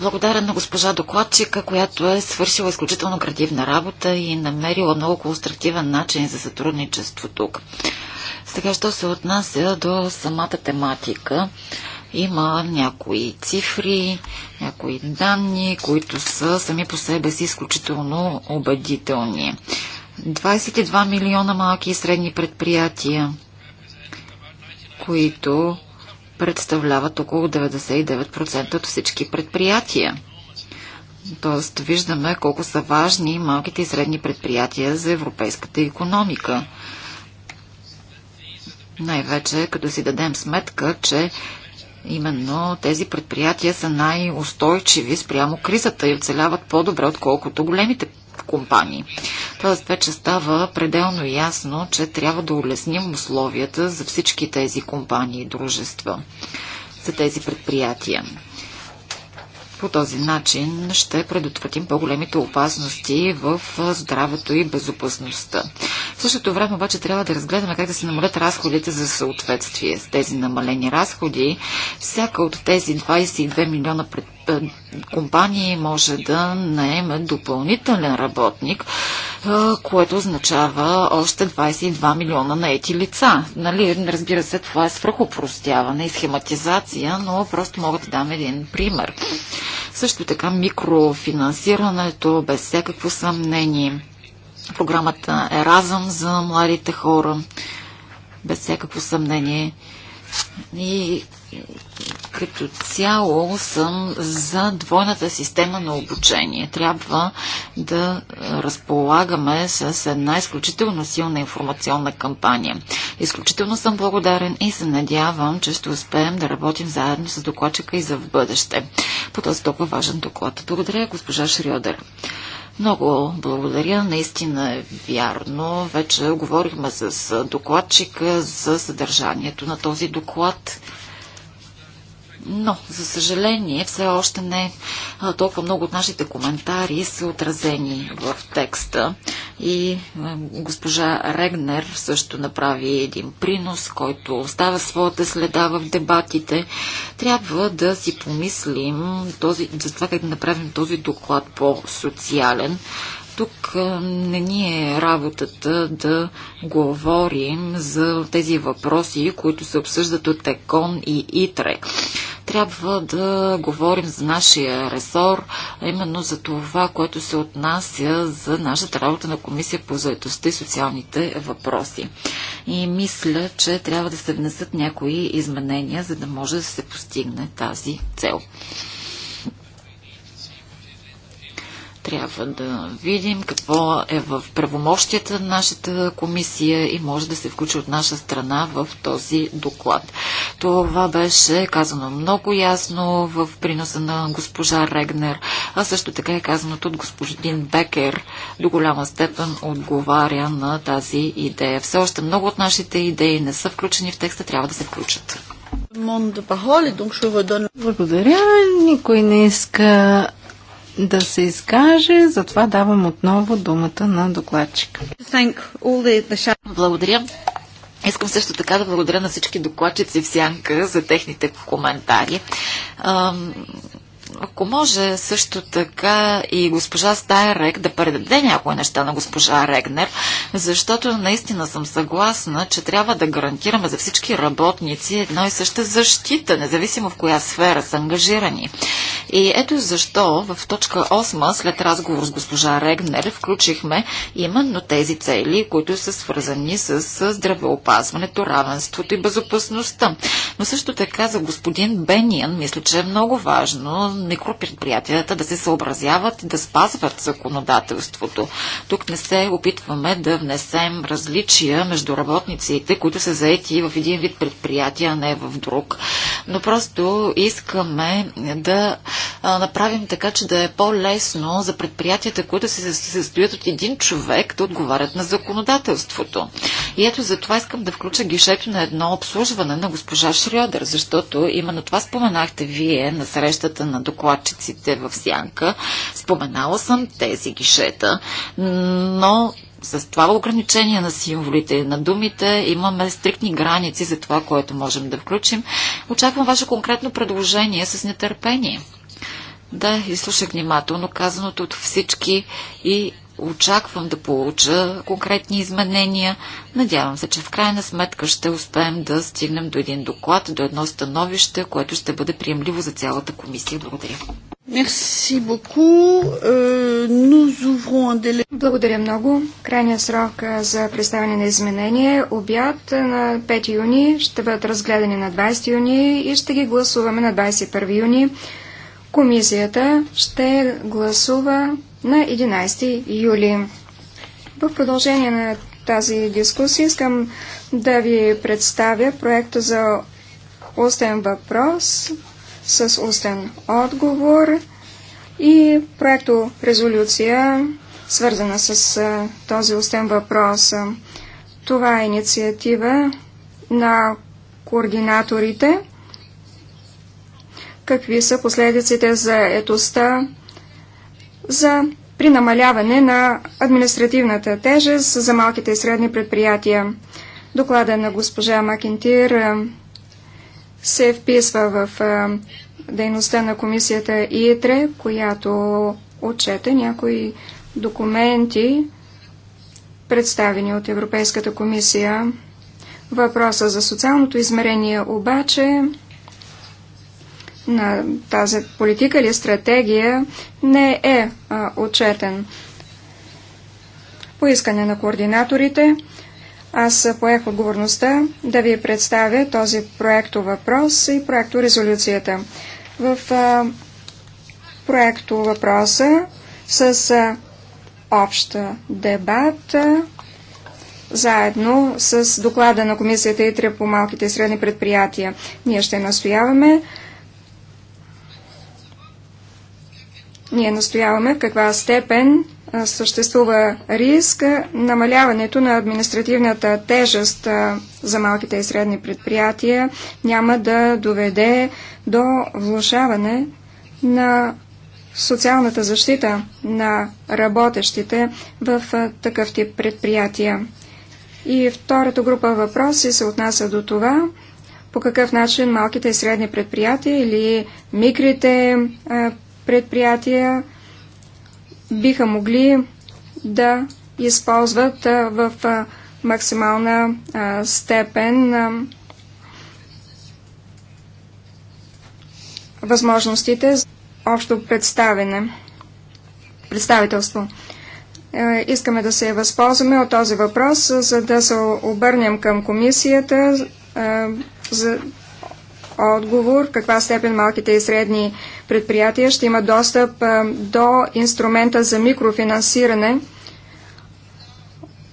благодарен на госпожа докладчика, която е свършила изключително градивна работа и намерила много конструктивен начин за сътрудничество тук. Сега, що се отнася до самата тематика, има някои цифри, някои данни, които са сами по себе си изключително убедителни. 22 милиона малки и средни предприятия, които представляват около 99% от всички предприятия. Тоест виждаме колко са важни малките и средни предприятия за европейската економика. Най-вече като си дадем сметка, че Именно тези предприятия са най-устойчиви спрямо кризата и оцеляват по-добре, отколкото големите компании. Тоест вече става пределно ясно, че трябва да улесним условията за всички тези компании и дружества, за тези предприятия. По този начин ще предотвратим по-големите опасности в здравето и безопасността. В същото време обаче трябва да разгледаме как да се намалят разходите за съответствие. С тези намалени разходи, всяка от тези 22 милиона предприятия е, компании може да наеме допълнителен работник, е, което означава още 22 милиона наети лица. Нали, разбира се, това е свръхопростяване и схематизация, но просто мога да дам един пример. Също така микрофинансирането, без всякакво съмнение. Програмата Еразъм за младите хора, без всякакво съмнение. И като цяло съм за двойната система на обучение. Трябва да разполагаме с една изключително силна информационна кампания. Изключително съм благодарен и се надявам, че ще успеем да работим заедно с докладчика и за в бъдеще. По този толкова важен доклад. Благодаря, госпожа Шриодер. Много благодаря. Наистина е вярно. Вече говорихме с докладчика за съдържанието на този доклад. Но, за съжаление, все още не толкова много от нашите коментари са отразени в текста. И е, госпожа Регнер също направи един принос, който остава своята следа в дебатите. Трябва да си помислим този, за това как да направим този доклад по-социален, тук не ни е работата да говорим за тези въпроси, които се обсъждат от ЕКОН и ИТРЕ. Трябва да говорим за нашия ресор, а именно за това, което се отнася за нашата работа на Комисия по заедостта и социалните въпроси. И мисля, че трябва да се внесат някои изменения, за да може да се постигне тази цел. Трябва да видим какво е в правомощията на нашата комисия и може да се включи от наша страна в този доклад. Това беше казано много ясно в приноса на госпожа Регнер, а също така е казаното от господин Бекер. До голяма степен отговаря на тази идея. Все още много от нашите идеи не са включени в текста, трябва да се включат. Благодаря. Никой не иска да се изкаже, затова давам отново думата на докладчика. Благодаря. Искам също така да благодаря на всички докладчици в Сянка за техните коментари. Ако може също така и госпожа Стайрек да предаде някои неща на госпожа Регнер, защото наистина съм съгласна, че трябва да гарантираме за всички работници едно и съща защита, независимо в коя сфера са ангажирани. И ето защо в точка 8 след разговор с госпожа Регнер включихме именно тези цели, които са свързани с здравеопазването, равенството и безопасността. Но също така за господин Бениан мисля, че е много важно микропредприятията да се съобразяват и да спазват законодателството. Тук не се опитваме да внесем различия между работниците, които са заети в един вид предприятия, а не в друг. Но просто искаме да направим така, че да е по-лесно за предприятията, които се състоят от един човек, да отговарят на законодателството. И ето за това искам да включа гишето на едно обслужване на госпожа Шриодер, защото именно това споменахте вие на срещата на докладчиците в Сянка. Споменала съм тези гишета, но с това ограничение на символите и на думите имаме стриктни граници за това, което можем да включим. Очаквам ваше конкретно предложение с нетърпение. Да, изслушах внимателно казаното от всички и Очаквам да получа конкретни изменения. Надявам се, че в крайна сметка ще успеем да стигнем до един доклад, до едно становище, което ще бъде приемливо за цялата комисия. Благодаря. Euh, Благодаря много. Крайният срок за представяне на изменение е обяд на 5 юни. Ще бъдат разгледани на 20 юни и ще ги гласуваме на 21 юни. Комисията ще гласува на 11 юли. В продължение на тази дискусия искам да ви представя проекта за устен въпрос с устен отговор и проекто резолюция, свързана с този устен въпрос. Това е инициатива на координаторите. Какви са последиците за етостта за при намаляване на административната тежест за малките и средни предприятия. Доклада на госпожа Макентир се вписва в дейността на комисията ИТРЕ, която отчете някои документи, представени от Европейската комисия. Въпроса за социалното измерение обаче на тази политика или стратегия не е а, отчетен. По искане на координаторите, аз поех отговорността да ви представя този проекто въпрос и проекто резолюцията. В а, проекто въпроса с а, общ дебат а, заедно с доклада на Комисията и по малките и средни предприятия. Ние ще настояваме Ние настояваме в каква степен съществува риск намаляването на административната тежест за малките и средни предприятия няма да доведе до влушаване на социалната защита на работещите в такъв тип предприятия. И втората група въпроси се отнася до това, по какъв начин малките и средни предприятия или микрите предприятия биха могли да използват в максимална степен възможностите за общо представене, представителство. Е, искаме да се възползваме от този въпрос, за да се обърнем към комисията е, за отговор, каква степен малките и средни предприятия ще има достъп до инструмента за микрофинансиране,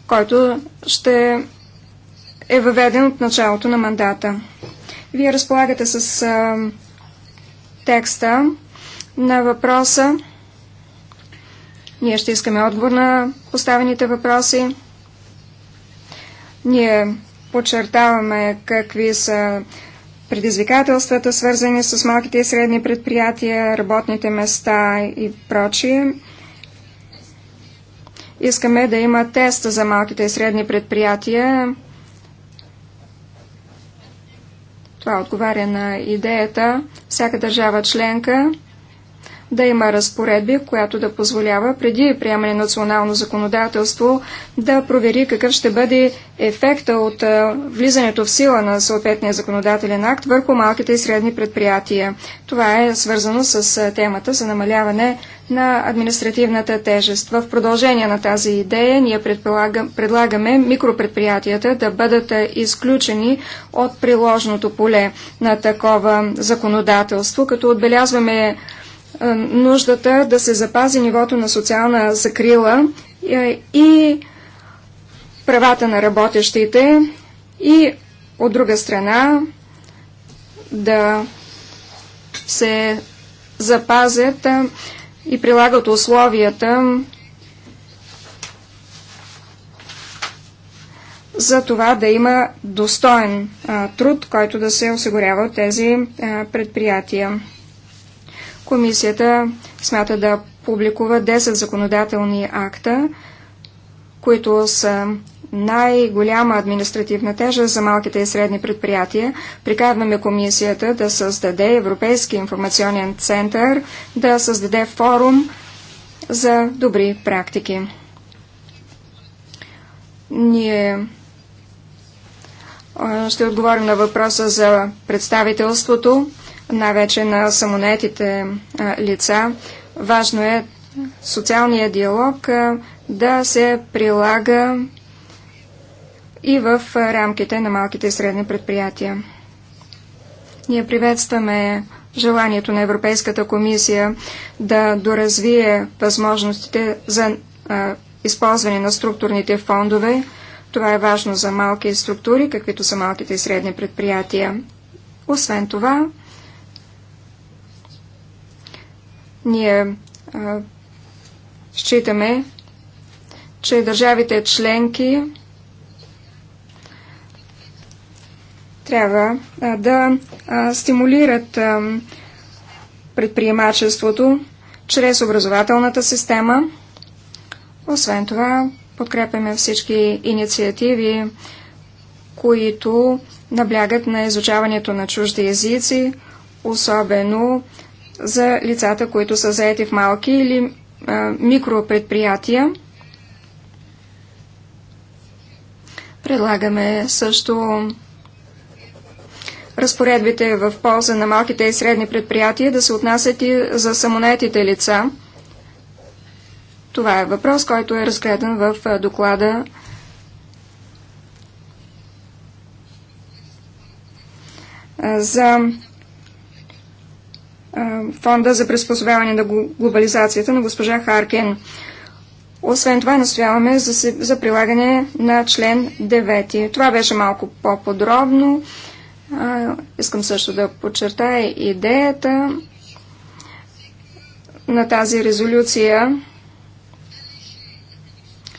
който ще е въведен от началото на мандата. Вие разполагате с а, текста на въпроса. Ние ще искаме отговор на поставените въпроси. Ние подчертаваме какви са предизвикателствата, свързани с малките и средни предприятия, работните места и прочие. Искаме да има тест за малките и средни предприятия. Това отговаря на идеята всяка държава членка да има разпоредби, която да позволява преди приемане на национално законодателство да провери какъв ще бъде ефекта от влизането в сила на съответния законодателен акт върху малките и средни предприятия. Това е свързано с темата за намаляване на административната тежест. В продължение на тази идея ние предлагаме микропредприятията да бъдат изключени от приложното поле на такова законодателство, като отбелязваме е, нуждата е да се запази нивото на социална закрила е, и правата на работещите и от друга страна да се запазят и прилагат условията за това да има достоен труд, който да се осигурява от тези предприятия. Комисията смята да публикува 10 законодателни акта, които са най-голяма административна тежа за малките и средни предприятия. Прикарваме комисията да създаде Европейски информационен център, да създаде форум за добри практики. Ние ще отговорим на въпроса за представителството най-вече на самонетите лица. Важно е социалния диалог да се прилага и в рамките на малките и средни предприятия. Ние приветстваме желанието на Европейската комисия да доразвие възможностите за използване на структурните фондове. Това е важно за малки структури, каквито са малките и средни предприятия. Освен това, Ние а, считаме, че държавите членки трябва а, да а, стимулират а, предприемачеството чрез образователната система. Освен това, подкрепяме всички инициативи, които наблягат на изучаването на чужди езици, особено за лицата, които са заети в малки или а, микропредприятия. Предлагаме също разпоредбите в полза на малките и средни предприятия да се отнасят и за самонетите лица. Това е въпрос, който е разгледан в доклада за фонда за приспособяване на глобализацията на госпожа Харкен. Освен това настояваме за, за прилагане на член 9. Това беше малко по-подробно. искам също да подчертая идеята на тази резолюция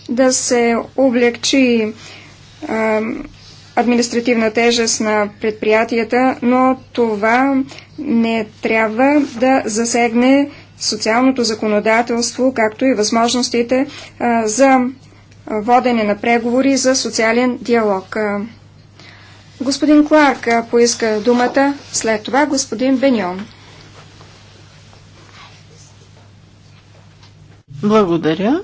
да се облегчи административна тежест на предприятията, но това не трябва да засегне социалното законодателство, както и възможностите за водене на преговори за социален диалог. Господин Кларк поиска думата, след това господин Беньон. Благодаря.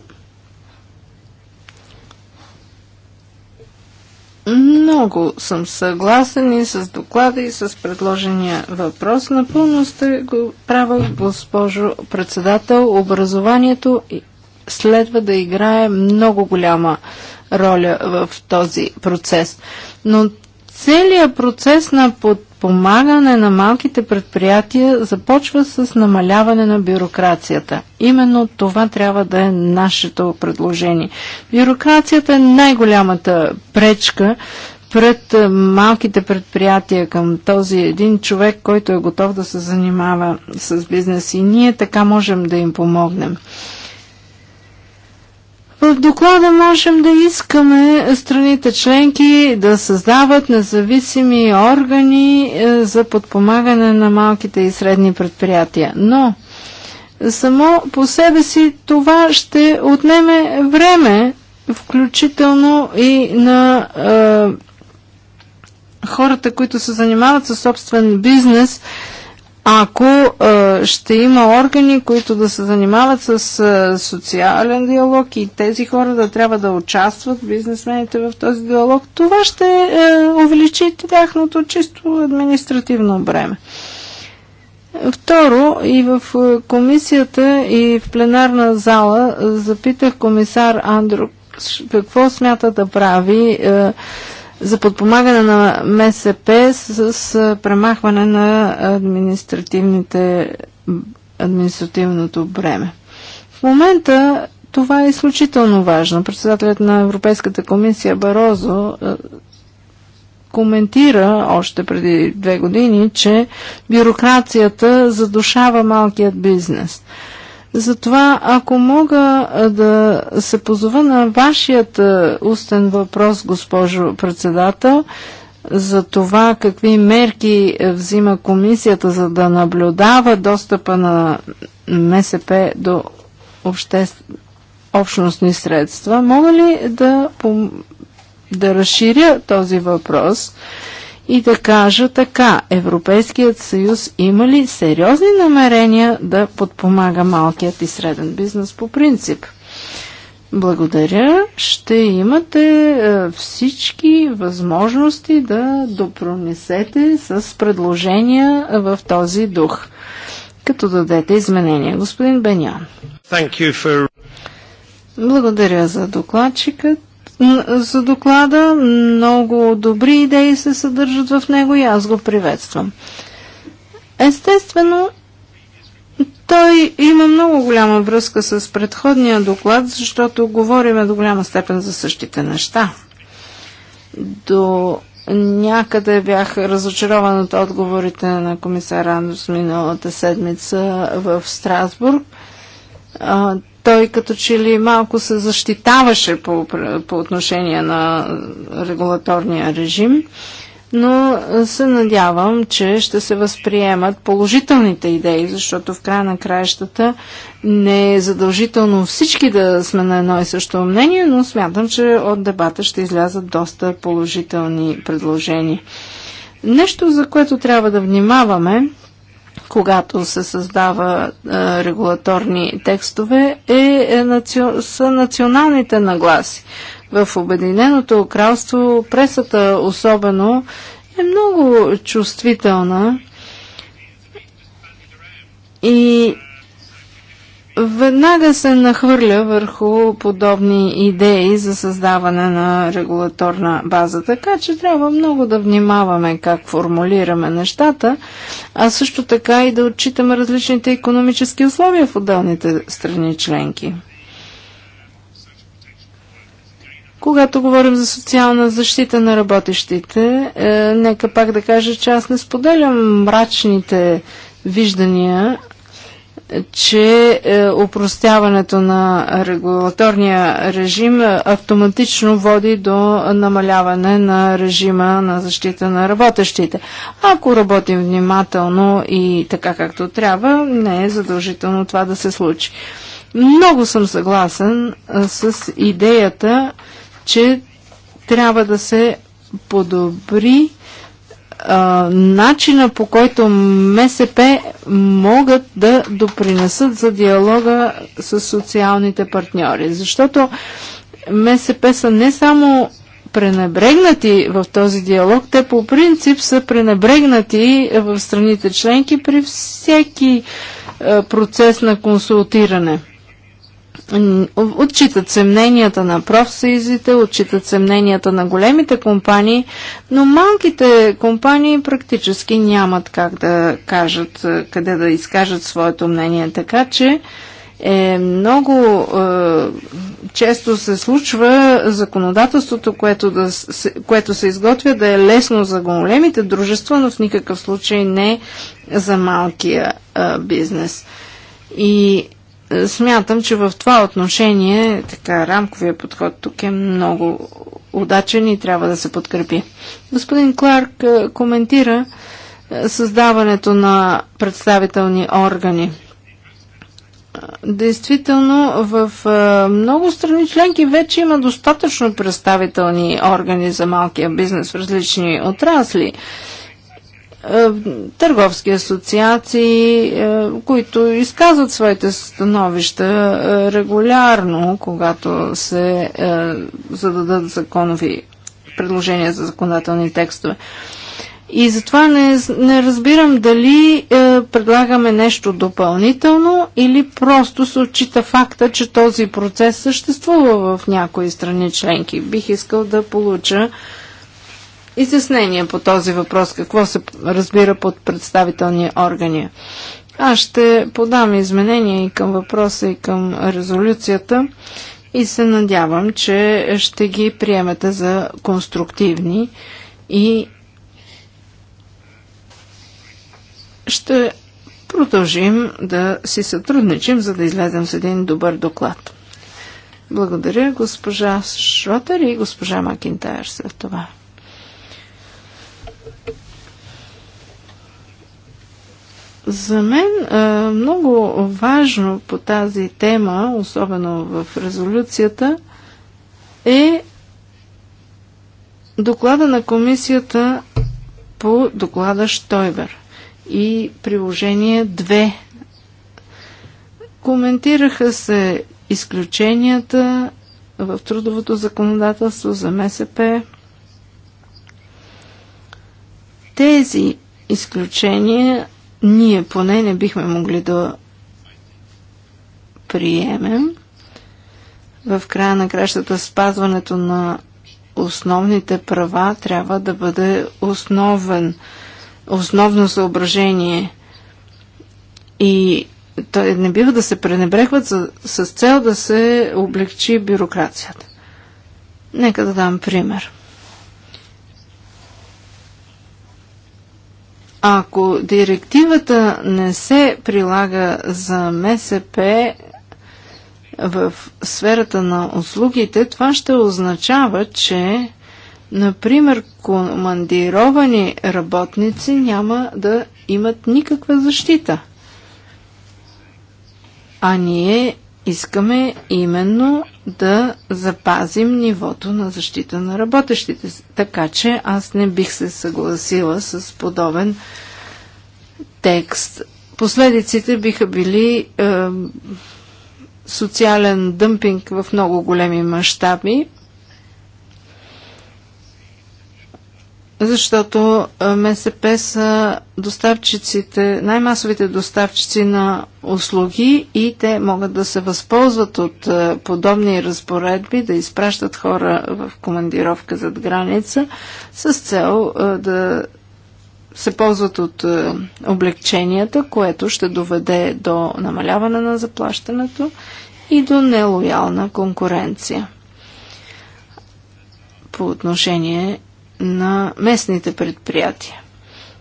Много съм съгласен и с доклада и с предложения въпрос. Напълно сте го права, госпожо председател. Образованието следва да играе много голяма роля в този процес. Но целият процес на под подпомагане на малките предприятия започва с намаляване на бюрокрацията. Именно това трябва да е нашето предложение. Бюрокрацията е най-голямата пречка пред е, малките предприятия към този един човек, който е готов да се занимава с бизнес и ние така можем да им помогнем. В доклада можем да искаме страните членки да създават независими органи е, за подпомагане на малките и средни предприятия. Но само по себе си това ще отнеме време, включително и на е, хората, които се занимават със собствен бизнес, ако а, ще има органи, които да се занимават с а, социален диалог и тези хора да трябва да участват, бизнесмените в този диалог, това ще а, увеличи тяхното чисто административно бреме. Второ, и в комисията, и в пленарна зала запитах комисар Андрук какво смята да прави А, за подпомагане на МСП с, с премахване на административните, административното бреме. В момента това е изключително важно. Председателят на Европейската комисия Барозо коментира още преди две години, че бюрокрацията задушава малкият бизнес. Затова, ако мога да се позова на вашият устен въпрос, госпожо председател, за това какви мерки е, взима комисията, за да наблюдава достъпа на МСП до обществ... общностни средства, мога ли да, да разширя този въпрос? и да кажа така, Европейският съюз има ли сериозни намерения да подпомага малкият и среден бизнес по принцип? Благодаря. Ще имате е, всички възможности да допронесете с предложения в този дух, като дадете изменения. Господин Бенян. Благодаря за докладчикът за доклада. Много добри идеи се съдържат в него и аз го приветствам. Естествено, той има много голяма връзка с предходния доклад, защото говориме до голяма степен за същите неща. До някъде бях разочарован от отговорите на комисар Андерс миналата седмица в Страсбург той като че ли малко се защитаваше по, по отношение на регулаторния режим, но се надявам, че ще се възприемат положителните идеи, защото в края на краищата не е задължително всички да сме на едно и също мнение, но смятам, че от дебата ще излязат доста положителни предложения. Нещо, за което трябва да внимаваме, когато се създава а, е, регулаторни текстове, е, е са националните нагласи. В Обединеното кралство пресата особено е много чувствителна и веднага се нахвърля върху подобни идеи за създаване на регулаторна база. Така че трябва много да внимаваме как формулираме нещата, а също така и да отчитаме различните економически условия в отделните страни членки. Когато говорим за социална защита на работещите, е, нека пак да кажа, че аз не споделям мрачните виждания че упростяването е, на регулаторния режим е, автоматично води до намаляване на режима на защита на работещите. Ако работим внимателно и така както трябва, не е задължително това да се случи. Много съм съгласен е, с идеята, че трябва да се подобри начина по който МСП могат да допринесат за диалога с социалните партньори. Защото МСП са не само пренебрегнати в този диалог, те по принцип са пренебрегнати в страните членки при всеки процес на консултиране. Отчитат се мненията на профсъюзите, отчитат се мненията на големите компании, но малките компании практически нямат как да кажат, е, къде да изкажат своето мнение. Така че е много е, често се случва законодателството, което, да, което се изготвя да е лесно за големите дружества, но в никакъв случай не за малкия е, бизнес. И смятам, че в това отношение така, рамковия подход тук е много удачен и трябва да се подкрепи. Господин Кларк е, коментира е, създаването на представителни органи. Е, действително, в много страни членки вече има достатъчно представителни органи за малкия бизнес в различни отрасли. Е, търговски асоциации, е, които изказват своите становища е, регулярно, когато се зададат законови предложения за законодателни текстове. И затова не, не разбирам дали е, предлагаме нещо допълнително или просто се отчита факта, че този процес съществува в някои страни членки. Бих искал да получа изяснения по този въпрос, какво се разбира под представителни органи. Аз ще подам изменения и към въпроса, и към резолюцията и се надявам, че ще ги приемете за конструктивни и ще продължим да си сътрудничим, за да излезем с един добър доклад. Благодаря госпожа Шротер и госпожа Макинтайр за това. За мен много важно по тази тема, особено в резолюцията, е доклада на комисията по доклада Штойбер и приложение 2. Коментираха се изключенията в трудовото законодателство за МСП. Тези изключения ние поне не бихме могли да приемем. В края на кращата спазването на основните права трябва да бъде основен, основно съображение. И той е, не бива да се пренебрегват с цел да се облегчи бюрокрацията. Нека да дам пример. Ако директивата не се прилага за МСП в сферата на услугите, това ще означава, че Например, командировани работници няма да имат никаква защита. А ние искаме именно да запазим нивото на защита на работещите. Така че аз не бих се съгласила с подобен текст. Последиците биха били е, социален дъмпинг в много големи мащаби защото МСП са доставчиците, най-масовите доставчици на услуги и те могат да се възползват от подобни разпоредби, да изпращат хора в командировка зад граница с цел да се ползват от облегченията, което ще доведе до намаляване на заплащането и до нелоялна конкуренция по отношение на местните предприятия.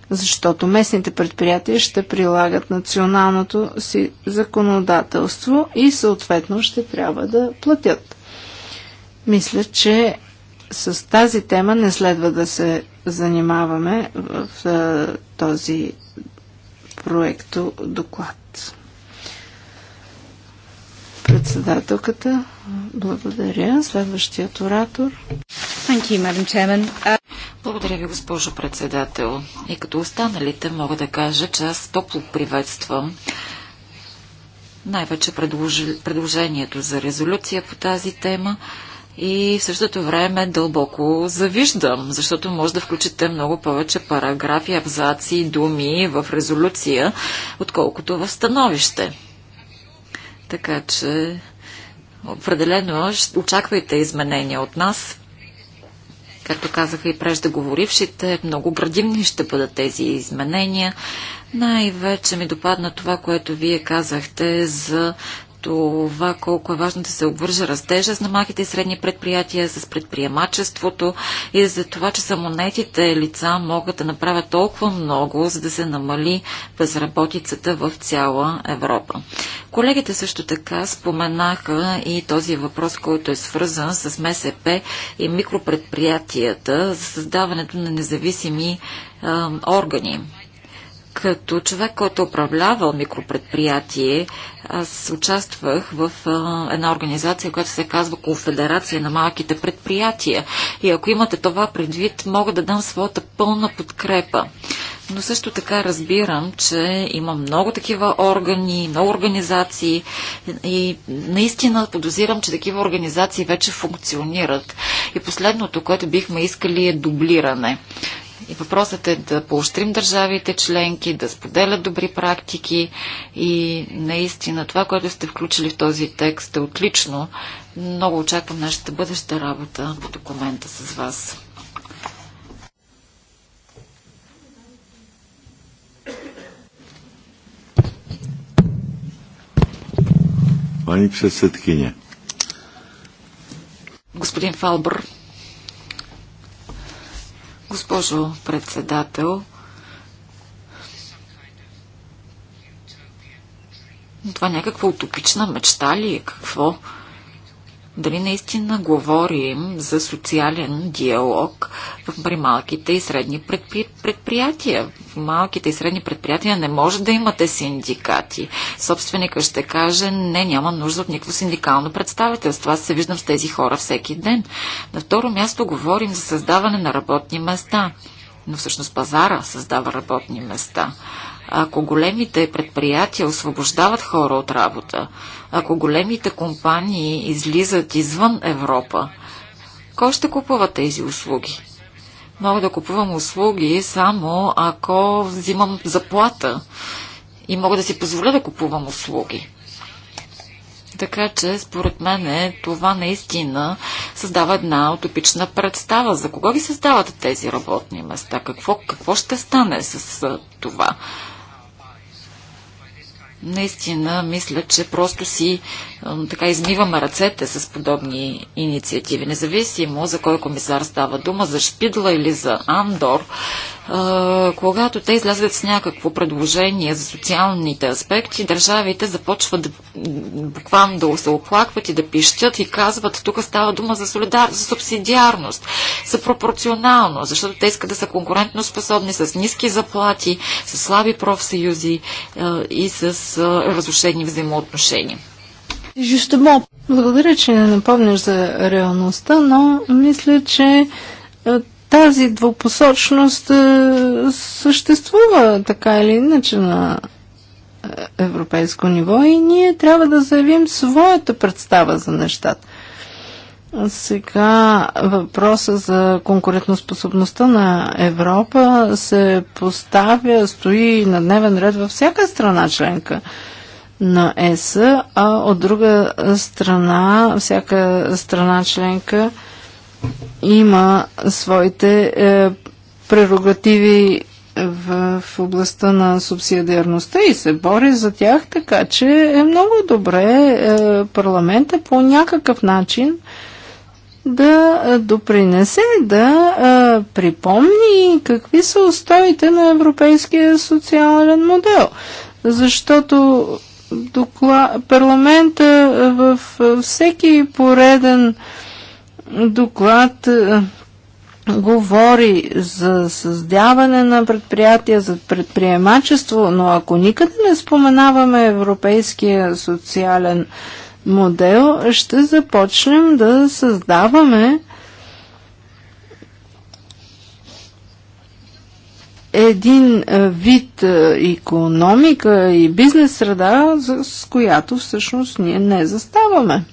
Защото местните предприятия ще прилагат националното си законодателство и съответно ще трябва да платят. Мисля, че с тази тема не следва да се занимаваме в този проекто доклад. Председателката, благодаря. Следващият оратор. You, uh, Благодаря ви, госпожо председател. И като останалите мога да кажа, че аз топло приветствам най-вече предлож... предложението за резолюция по тази тема и в същото време дълбоко завиждам, защото може да включите много повече параграфи, абзаци, думи в резолюция, отколкото в становище. Така че Определено очаквайте изменения от нас. Както казаха и преждеговорившите, много градивни ще бъдат тези изменения. Най-вече ми допадна това, което вие казахте за това колко е важно да се обвържа растежа с намахите и средни предприятия с предприемачеството и за това, че самонетите лица могат да направят толкова много, за да се намали безработицата в цяла Европа. Колегите също така споменаха и този въпрос, който е свързан с МСП и микропредприятията за създаването на независими органи като човек, който управлявал микропредприятие, аз участвах в а, една организация, която се казва Конфедерация на малките предприятия. И ако имате това предвид, мога да дам своята пълна подкрепа. Но също така разбирам, че има много такива органи, много организации и наистина подозирам, че такива организации вече функционират. И последното, което бихме искали е дублиране. И въпросът е да поощрим държавите членки, да споделят добри практики и наистина това, което сте включили в този текст е отлично. Много очаквам нашата бъдеща работа по документа с вас. Пани Господин Фалбър. Госпожо председател, това някаква утопична мечта ли е? Какво? дали наистина говорим за социален диалог при малките и средни предпри... предприятия. В малките и средни предприятия не може да имате синдикати. Собственика ще каже, не, няма нужда от никакво синдикално представителство. Аз се виждам с тези хора всеки ден. На второ място говорим за създаване на работни места. Но всъщност пазара създава работни места. Ако големите предприятия освобождават хора от работа, ако големите компании излизат извън Европа, кой ще купува тези услуги? Мога да купувам услуги само ако взимам заплата и мога да си позволя да купувам услуги. Така че, според мен, това наистина създава една утопична представа. За кого ги създават тези работни места? Какво, какво ще стане с това? Наистина, мисля, че просто си така измиваме ръцете с подобни инициативи. Независимо за кой комисар става дума, за Шпидла или за Андор, когато те излязат с някакво предложение за социалните аспекти, държавите започват да, буквално да се оплакват и да пищат и казват, тук става дума за, солидар, за субсидиарност, за пропорционално, защото те искат да са конкурентно способни с ниски заплати, с слаби профсъюзи и с разрушени взаимоотношения. Justement. Благодаря, че не напомняш за реалността, но мисля, че тази двупосочност е, съществува така или иначе на е, европейско ниво и ние трябва да заявим своята представа за нещата. Сега въпроса за конкурентоспособността на Европа се поставя, стои на дневен ред във всяка страна членка на ЕС, а от друга страна, всяка страна членка има своите е, прерогативи в, в областта на субсидиарността и се бори за тях, така че е много добре е, парламента по някакъв начин да допринесе, да а, е, припомни какви са устоите на европейския социален модел. Защото докла... парламента в всеки пореден доклад е, говори за създаване на предприятия, за предприемачество, но ако никъде не споменаваме европейския социален модел, ще започнем да създаваме един е, вид економика и бизнес среда, с която всъщност ние не заставаме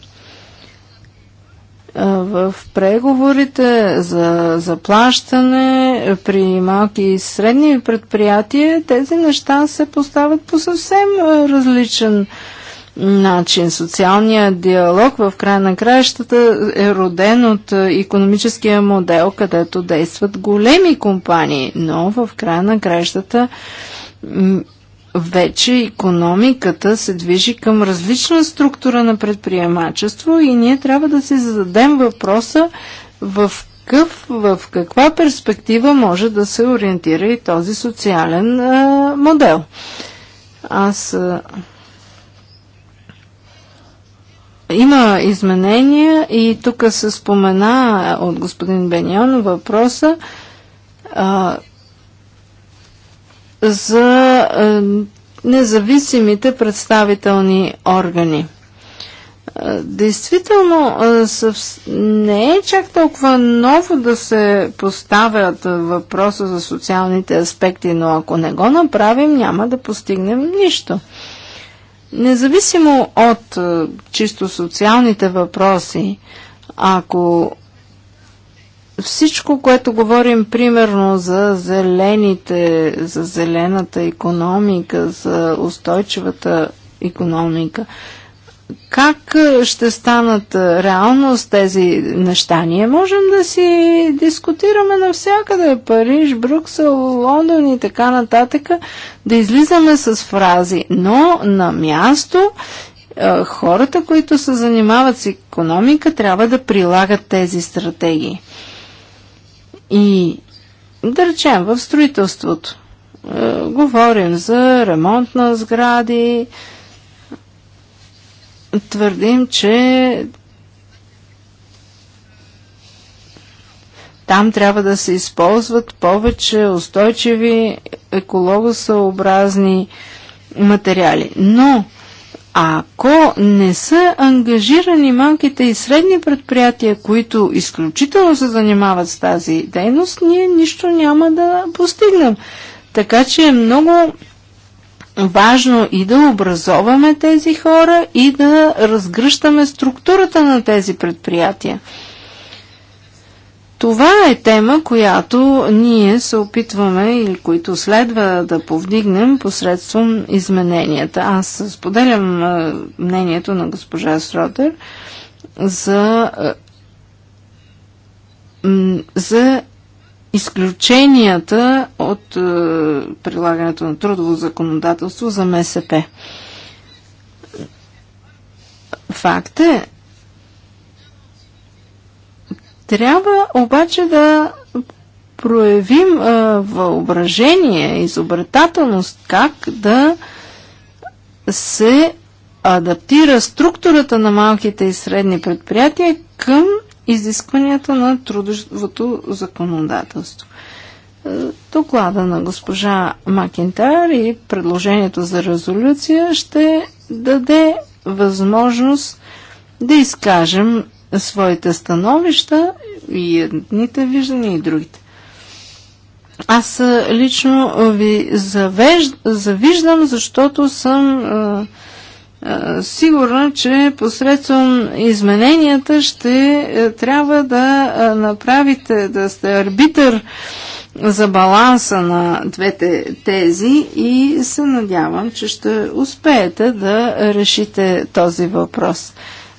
в преговорите за заплащане при малки и средни предприятия тези неща се поставят по съвсем различен начин. Социалният диалог в край на краищата е роден от економическия модел, където действат големи компании, но в край на краищата вече економиката се движи към различна структура на предприемачество и ние трябва да си зададем въпроса в в каква перспектива може да се ориентира и този социален а, модел. Аз а, има изменения и тук се спомена от господин Бенион въпроса а, за е, независимите представителни органи. Е, действително, е, не е чак толкова ново да се поставят въпроса за социалните аспекти, но ако не го направим, няма да постигнем нищо. Независимо от чисто социалните въпроси, ако всичко, което говорим примерно за зелените, за зелената економика, за устойчивата економика, как ще станат реалност тези неща? Ние можем да си дискутираме навсякъде, Париж, Брюксел, Лондон и така нататък, да излизаме с фрази, но на място хората, които се занимават с економика, трябва да прилагат тези стратегии. И да речем, в строителството. Е, говорим за ремонт на сгради. Твърдим, че там трябва да се използват повече устойчиви екологосъобразни материали. Но ако не са ангажирани малките и средни предприятия, които изключително се занимават с тази дейност, ние нищо няма да постигнем. Така че е много важно и да образоваме тези хора и да разгръщаме структурата на тези предприятия. Това е тема, която ние се опитваме или които следва да повдигнем посредством измененията. Аз споделям мнението на госпожа Сротер за, за изключенията от прилагането на трудово законодателство за МСП. Факт е, трябва обаче да проявим а, въображение, изобретателност, как да се адаптира структурата на малките и средни предприятия към изискванията на трудовото законодателство. Доклада на госпожа Макентар и предложението за резолюция ще даде възможност да изкажем своите становища и едните виждания и другите. Аз лично ви завеж... завиждам, защото съм а, а, сигурна, че посредством измененията ще а, е, трябва да а, направите, да сте арбитър за баланса на двете тези и се надявам, че ще успеете да решите този въпрос.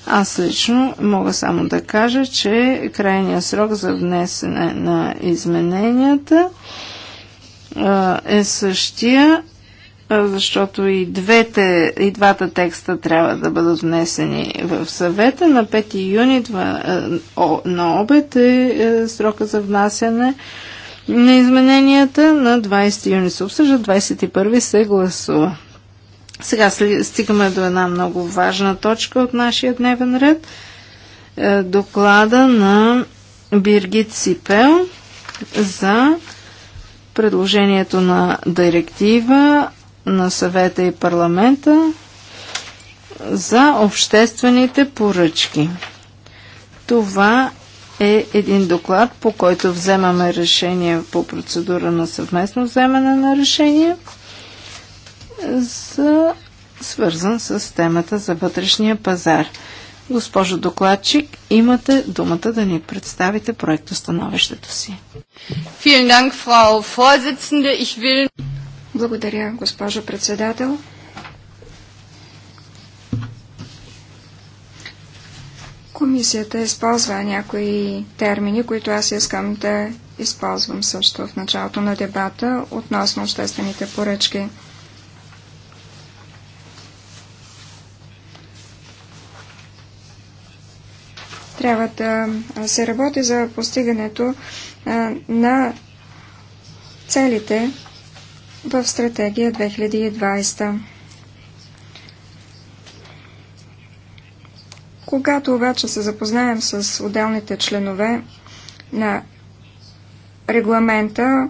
Аз лично мога само да кажа, че крайният срок за внесене на измененията е същия, защото и, двете, и двата текста трябва да бъдат внесени в съвета. На 5 юни на обед е, е срока за внасяне на измененията. На 20 юни се обсъжда, 21 се гласува. Сега стигаме до една много важна точка от нашия дневен ред. Е, доклада на Биргит Сипел за предложението на директива на съвета и парламента за обществените поръчки. Това е един доклад, по който вземаме решение по процедура на съвместно вземане на решение за свързан с темата за вътрешния пазар. Госпожо докладчик, имате думата да ни представите проекта становището си. Благодаря, госпожо председател. Комисията използва някои термини, които аз искам да използвам също в началото на дебата относно обществените поръчки – Трябва да се работи за постигането на целите в стратегия 2020. Когато обаче се запознаем с отделните членове на регламента,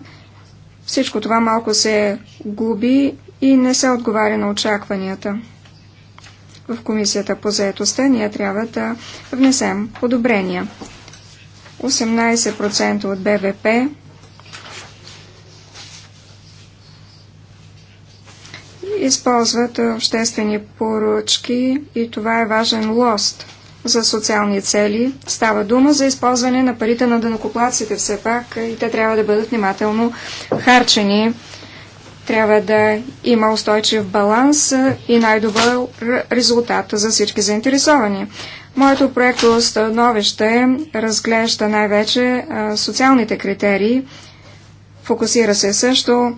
всичко това малко се губи и не се отговаря на очакванията в Комисията по заетостта, ние трябва да внесем подобрения. 18% от БВП използват обществени поръчки и това е важен лост за социални цели. Става дума за използване на парите на дънокоплаците все пак и те трябва да бъдат внимателно харчени. Трябва да има устойчив баланс и най-добър резултат за всички заинтересовани. Моето проекто становище разглежда най-вече социалните критерии. Фокусира се също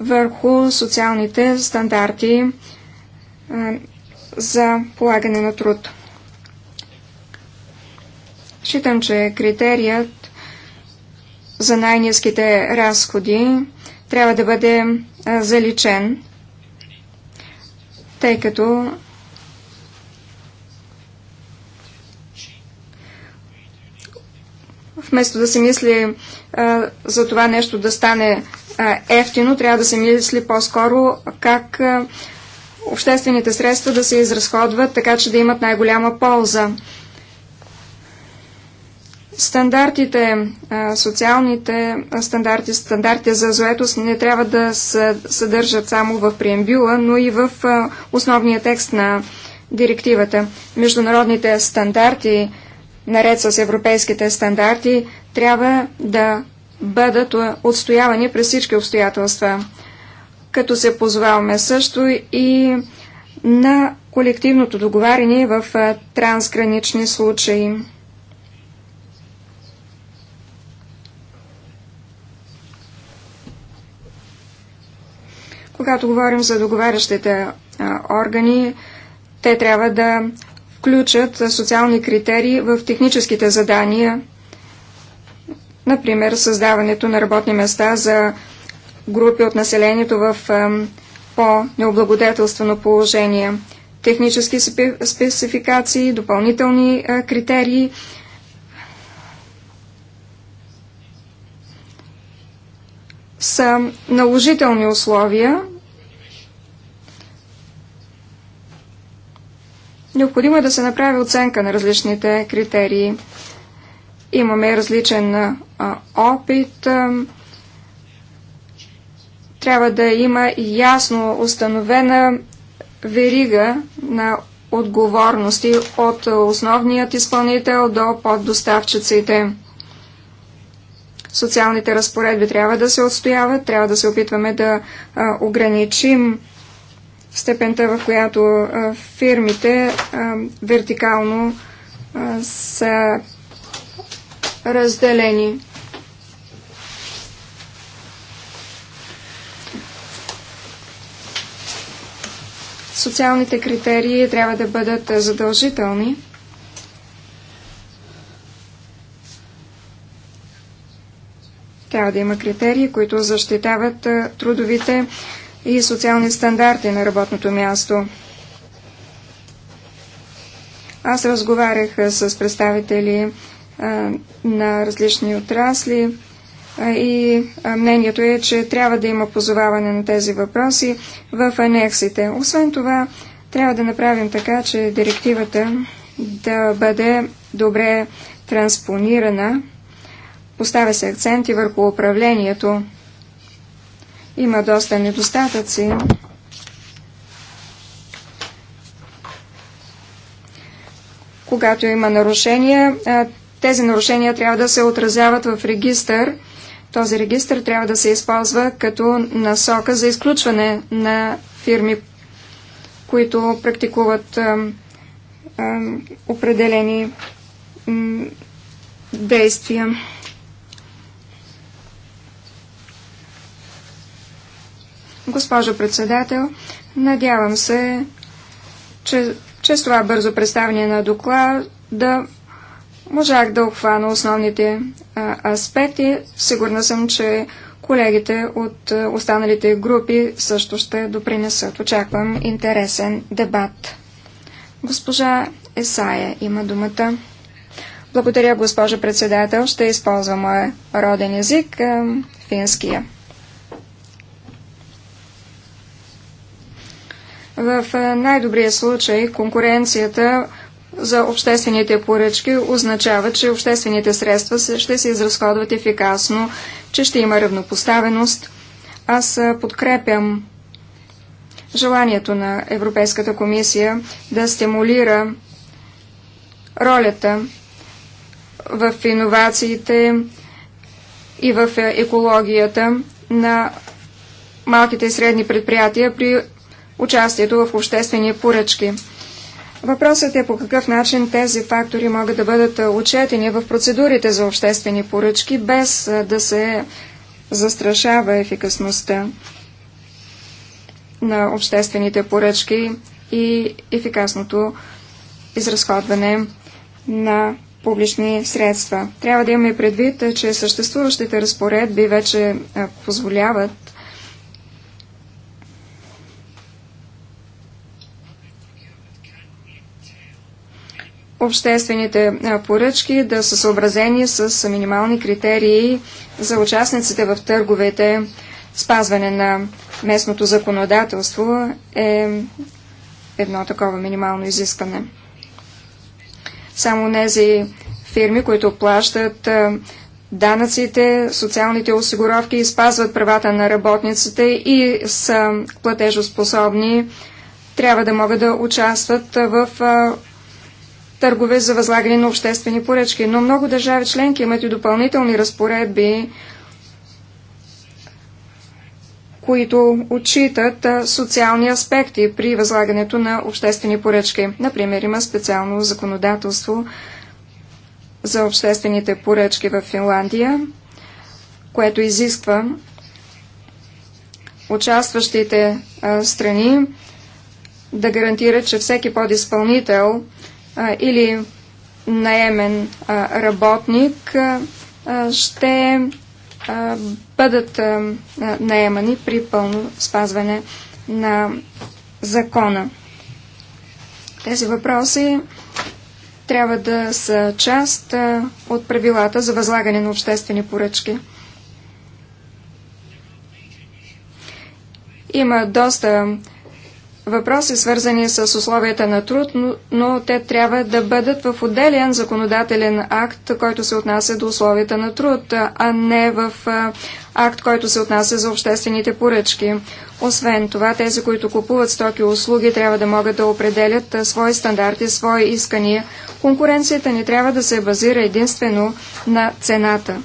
върху социалните стандарти за полагане на труд. Считам, че критерият за най-низките разходи трябва да бъде заличен, тъй като вместо да се мисли а, за това нещо да стане а, ефтино, трябва да се мисли по-скоро как а, обществените средства да се изразходват така, че да имат най-голяма полза. Стандартите, социалните стандарти, стандартите за заетост не трябва да се съдържат само в преембюла, но и в основния текст на директивата. Международните стандарти, наред с европейските стандарти, трябва да бъдат отстоявани през всички обстоятелства. Като се позваваме също и на колективното договаряне в трансгранични случаи. Когато говорим за договарящите органи, те трябва да включат социални критерии в техническите задания, например създаването на работни места за групи от населението в по-необлагодетелствено положение, технически спецификации, допълнителни критерии. са наложителни условия Необходимо е да се направи оценка на различните критерии. Имаме различен а, опит. Трябва да има ясно установена верига на отговорности от основният изпълнител до поддоставчиците. Социалните разпоредби трябва да се отстояват, трябва да се опитваме да а, ограничим степента, в която фирмите вертикално са разделени. Социалните критерии трябва да бъдат задължителни. Трябва да има критерии, които защитават трудовите и социални стандарти на работното място. Аз разговарях с представители на различни отрасли и мнението е, че трябва да има позоваване на тези въпроси в анексите. Освен това, трябва да направим така, че директивата да бъде добре транспонирана. Поставя се акценти върху управлението. Има доста недостатъци. Когато има нарушения, тези нарушения трябва да се отразяват в регистър. Този регистр трябва да се използва като насока за изключване на фирми, които практикуват определени действия. Госпожо председател, надявам се, че с това бързо представяне на доклад да можах да обхвана основните а, аспекти. Сигурна съм, че колегите от а, останалите групи също ще допринесат. Очаквам интересен дебат. Госпожа Есая има думата. Благодаря, госпожа председател. Ще използвам моя роден език, а, финския. В е, най-добрия случай конкуренцията за обществените поръчки означава, че обществените средства ще се изразходват ефикасно, че ще има равнопоставеност. Аз е, подкрепям желанието на Европейската комисия да стимулира ролята в иновациите и в е, екологията на малките и средни предприятия при участието в обществени поръчки. Въпросът е по какъв начин тези фактори могат да бъдат отчетени в процедурите за обществени поръчки, без да се застрашава ефикасността на обществените поръчки и ефикасното изразходване на публични средства. Трябва да имаме предвид, че съществуващите разпоредби вече позволяват обществените поръчки да са съобразени с минимални критерии за участниците в търговете. Спазване на местното законодателство е едно такова минимално изискване. Само тези фирми, които плащат данъците, социалните осигуровки и спазват правата на работниците и са платежоспособни, трябва да могат да участват в търгове за възлагане на обществени поръчки. Но много държави членки имат и допълнителни разпоредби, които отчитат социални аспекти при възлагането на обществени поръчки. Например, има специално законодателство за обществените поръчки в Финландия, което изисква участващите страни да гарантират, че всеки подизпълнител или наемен работник ще бъдат наемани при пълно спазване на закона. Тези въпроси трябва да са част от правилата за възлагане на обществени поръчки. Има доста въпроси, свързани с условията на труд, но, но те трябва да бъдат в отделен законодателен акт, който се отнася до условията на труд, а не в а, акт, който се отнася за обществените поръчки. Освен това, тези, които купуват стоки и услуги, трябва да могат да определят а, свои стандарти, свои искания. Конкуренцията не трябва да се базира единствено на цената.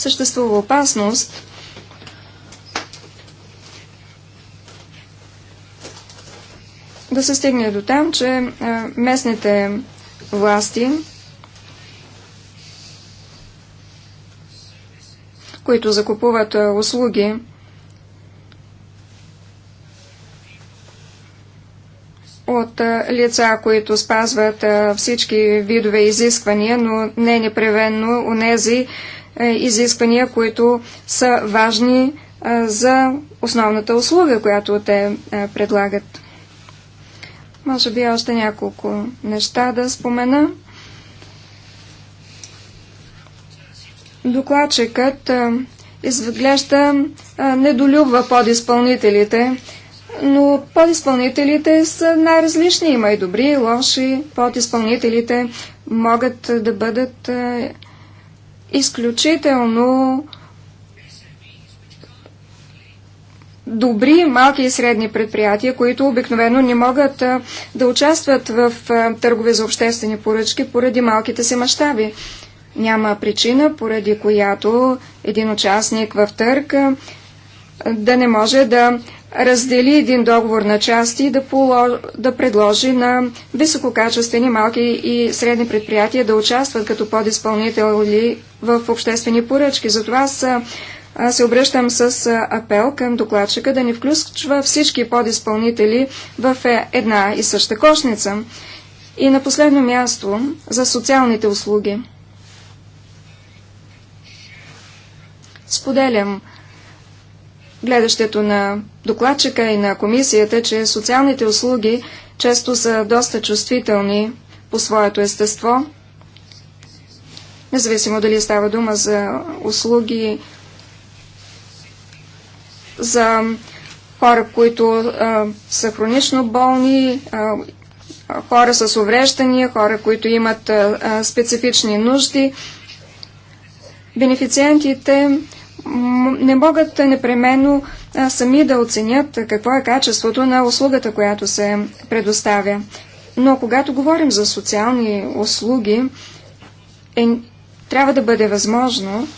съществува опасност да се стигне до там, че е, местните власти, които закупуват е, услуги, от е, лица, които спазват всички видове изисквания, но не непревенно у нези, е, изисквания, които са важни е, за основната услуга, която те е, предлагат. Може би още няколко неща да спомена. Докладчикът изглежда недолюбва подизпълнителите, но подизпълнителите са най-различни. Има и добри, и лоши. Подизпълнителите могат да бъдат изключително добри малки и средни предприятия, които обикновено не могат да участват в търгове за обществени поръчки поради малките си мащаби. Няма причина, поради която един участник в търг да не може да раздели един договор на части и да, поло... да предложи на висококачествени малки и средни предприятия да участват като подизпълнители в обществени поръчки. Затова аз се обръщам с апел към докладчика да не включва всички подизпълнители в е, една и съща кошница. И на последно място за социалните услуги. Споделям гледащето на докладчика и на комисията, че социалните услуги често са доста чувствителни по своето естество, независимо дали става дума за услуги за хора, които а, са хронично болни, а, хора с увреждания, хора, които имат а, специфични нужди. Бенефициентите не могат непременно сами да оценят какво е качеството на услугата, която се предоставя. Но когато говорим за социални услуги, е, трябва да бъде възможно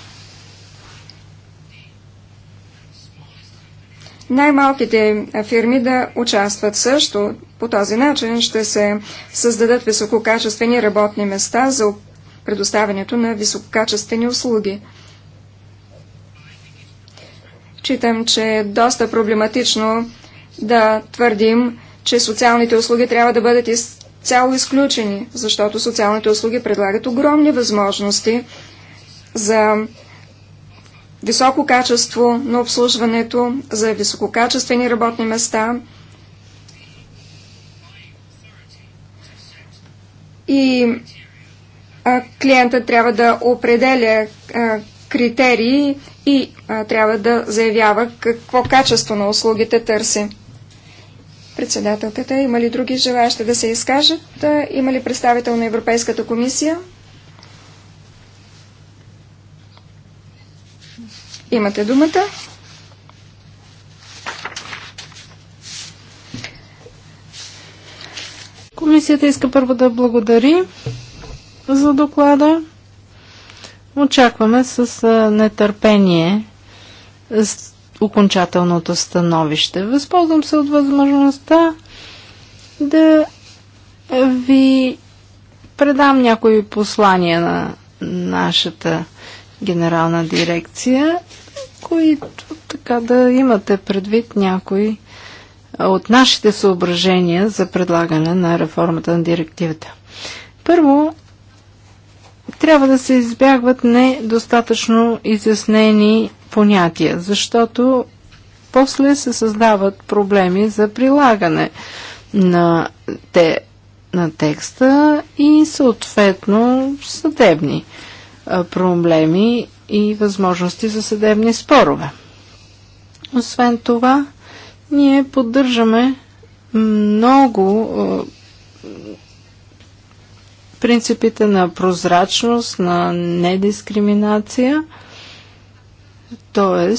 най-малките фирми да участват също. По този начин ще се създадат висококачествени работни места за предоставянето на висококачествени услуги. Читам, че е доста проблематично да твърдим, че социалните услуги трябва да бъдат изцяло изключени, защото социалните услуги предлагат огромни възможности за високо качество на обслужването, за висококачествени работни места и клиентът трябва да определя критерии и а, трябва да заявява какво качество на услугите търси. Председателката, има ли други желаящи да се изкажат? Има ли представител на Европейската комисия? Имате думата. Комисията иска първо да благодари за доклада. Очакваме с нетърпение с окончателното становище. Възползвам се от възможността да ви предам някои послания на нашата генерална дирекция, които така да имате предвид някои от нашите съображения за предлагане на реформата на директивата. Първо, трябва да се избягват недостатъчно изяснени понятия, защото после се създават проблеми за прилагане на, те, на текста и съответно съдебни проблеми и възможности за съдебни спорове. Освен това, ние поддържаме много принципите на прозрачност, на недискриминация, т.е.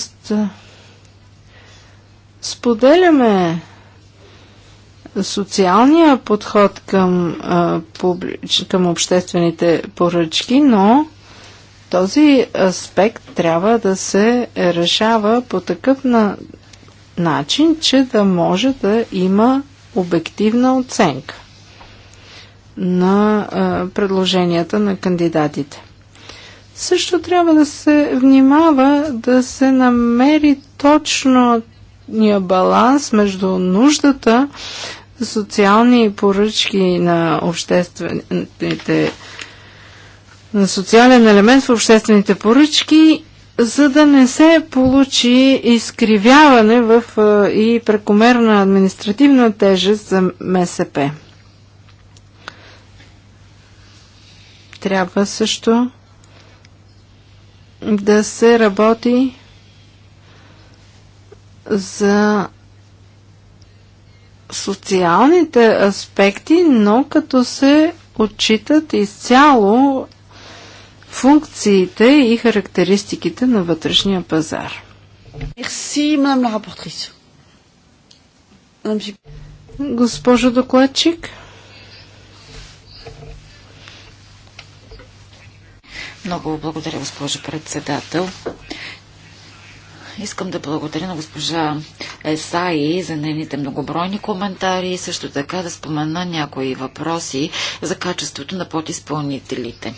споделяме социалния подход към, а, публич, към обществените поръчки, но този аспект трябва да се решава по такъв на, начин, че да може да има обективна оценка на предложенията на кандидатите. Също трябва да се внимава да се намери точно баланс между нуждата социални поръчки на обществените на социален елемент в обществените поръчки, за да не се получи изкривяване в, и прекомерна административна тежест за МСП. Трябва също да се работи за социалните аспекти, но като се отчитат изцяло функциите и характеристиките на вътрешния пазар. Госпожо докладчик. Много благодаря, госпожо председател. Искам да благодаря на госпожа Есаи за нейните многобройни коментари и също така да спомена някои въпроси за качеството на подизпълнителите.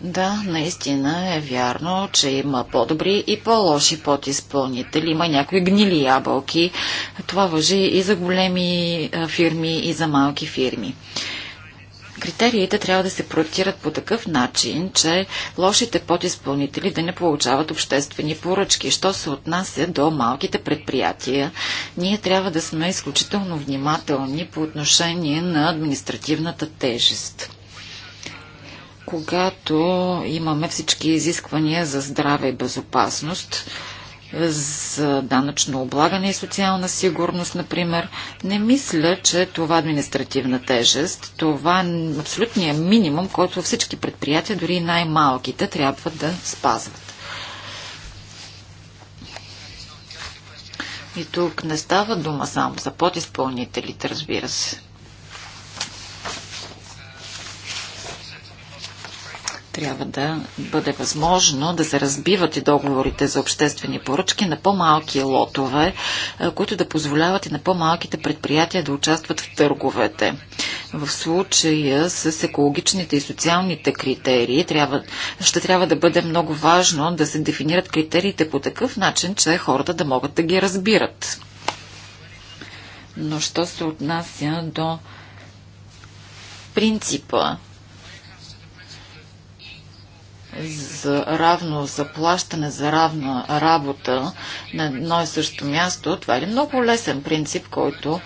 Да, наистина е вярно, че има по-добри и по-лоши подизпълнители. Има някои гнили ябълки. Това въжи и за големи фирми, и за малки фирми. Критериите трябва да се проектират по такъв начин, че лошите подизпълнители да не получават обществени поръчки. Що се отнася до малките предприятия, ние трябва да сме изключително внимателни по отношение на административната тежест когато имаме всички изисквания за здраве и безопасност, за данъчно облагане и социална сигурност, например. Не мисля, че това е административна тежест, това е абсолютният минимум, който всички предприятия, дори и най-малките, трябва да спазват. И тук не става дума само за подизпълнителите, разбира се. трябва да бъде възможно да се разбиват и договорите за обществени поръчки на по-малки лотове, които да позволяват и на по-малките предприятия да участват в търговете. В случая с екологичните и социалните критерии трябва, ще трябва да бъде много важно да се дефинират критериите по такъв начин, че хората да могат да ги разбират. Но що се отнася до принципа за равно заплащане за равна работа на едно и също място, това е много лесен принцип, който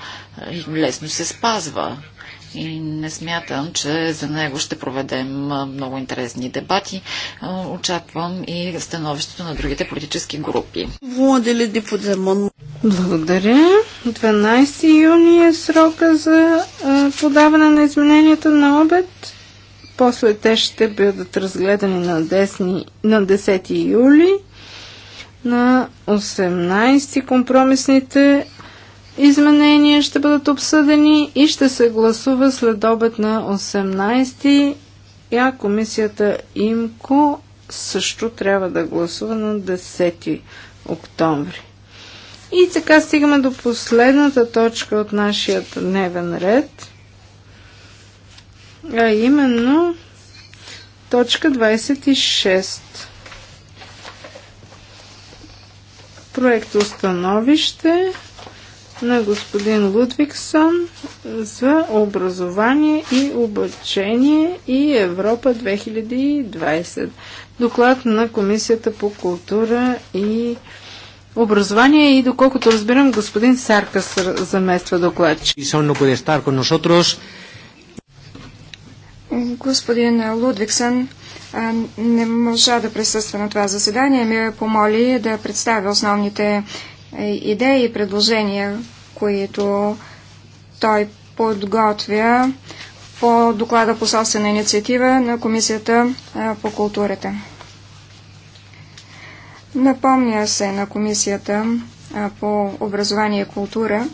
е, лесно се спазва. И не смятам, че за него ще проведем много интересни дебати. Очаквам и становището на другите политически групи. Благодаря. 12 юни е срока за подаване на измененията на обед. После те ще бъдат разгледани на, десни, на 10 юли, на 18 компромисните изменения ще бъдат обсъдени и ще се гласува след обед на 18 а комисията ИМКО също трябва да гласува на 10 октомври. И така стигаме до последната точка от нашия дневен ред – а именно точка 26. Проект установище на господин Лудвиксон за образование и обучение и Европа 2020. Доклад на Комисията по култура и образование и доколкото разбирам господин Саркас замества докладчик. Господин Лудвиксън не можа да присъства на това заседание. Ми помоли да представя основните идеи и предложения, които той подготвя по доклада по собствена инициатива на Комисията по културата. Напомня се на Комисията по образование и култура,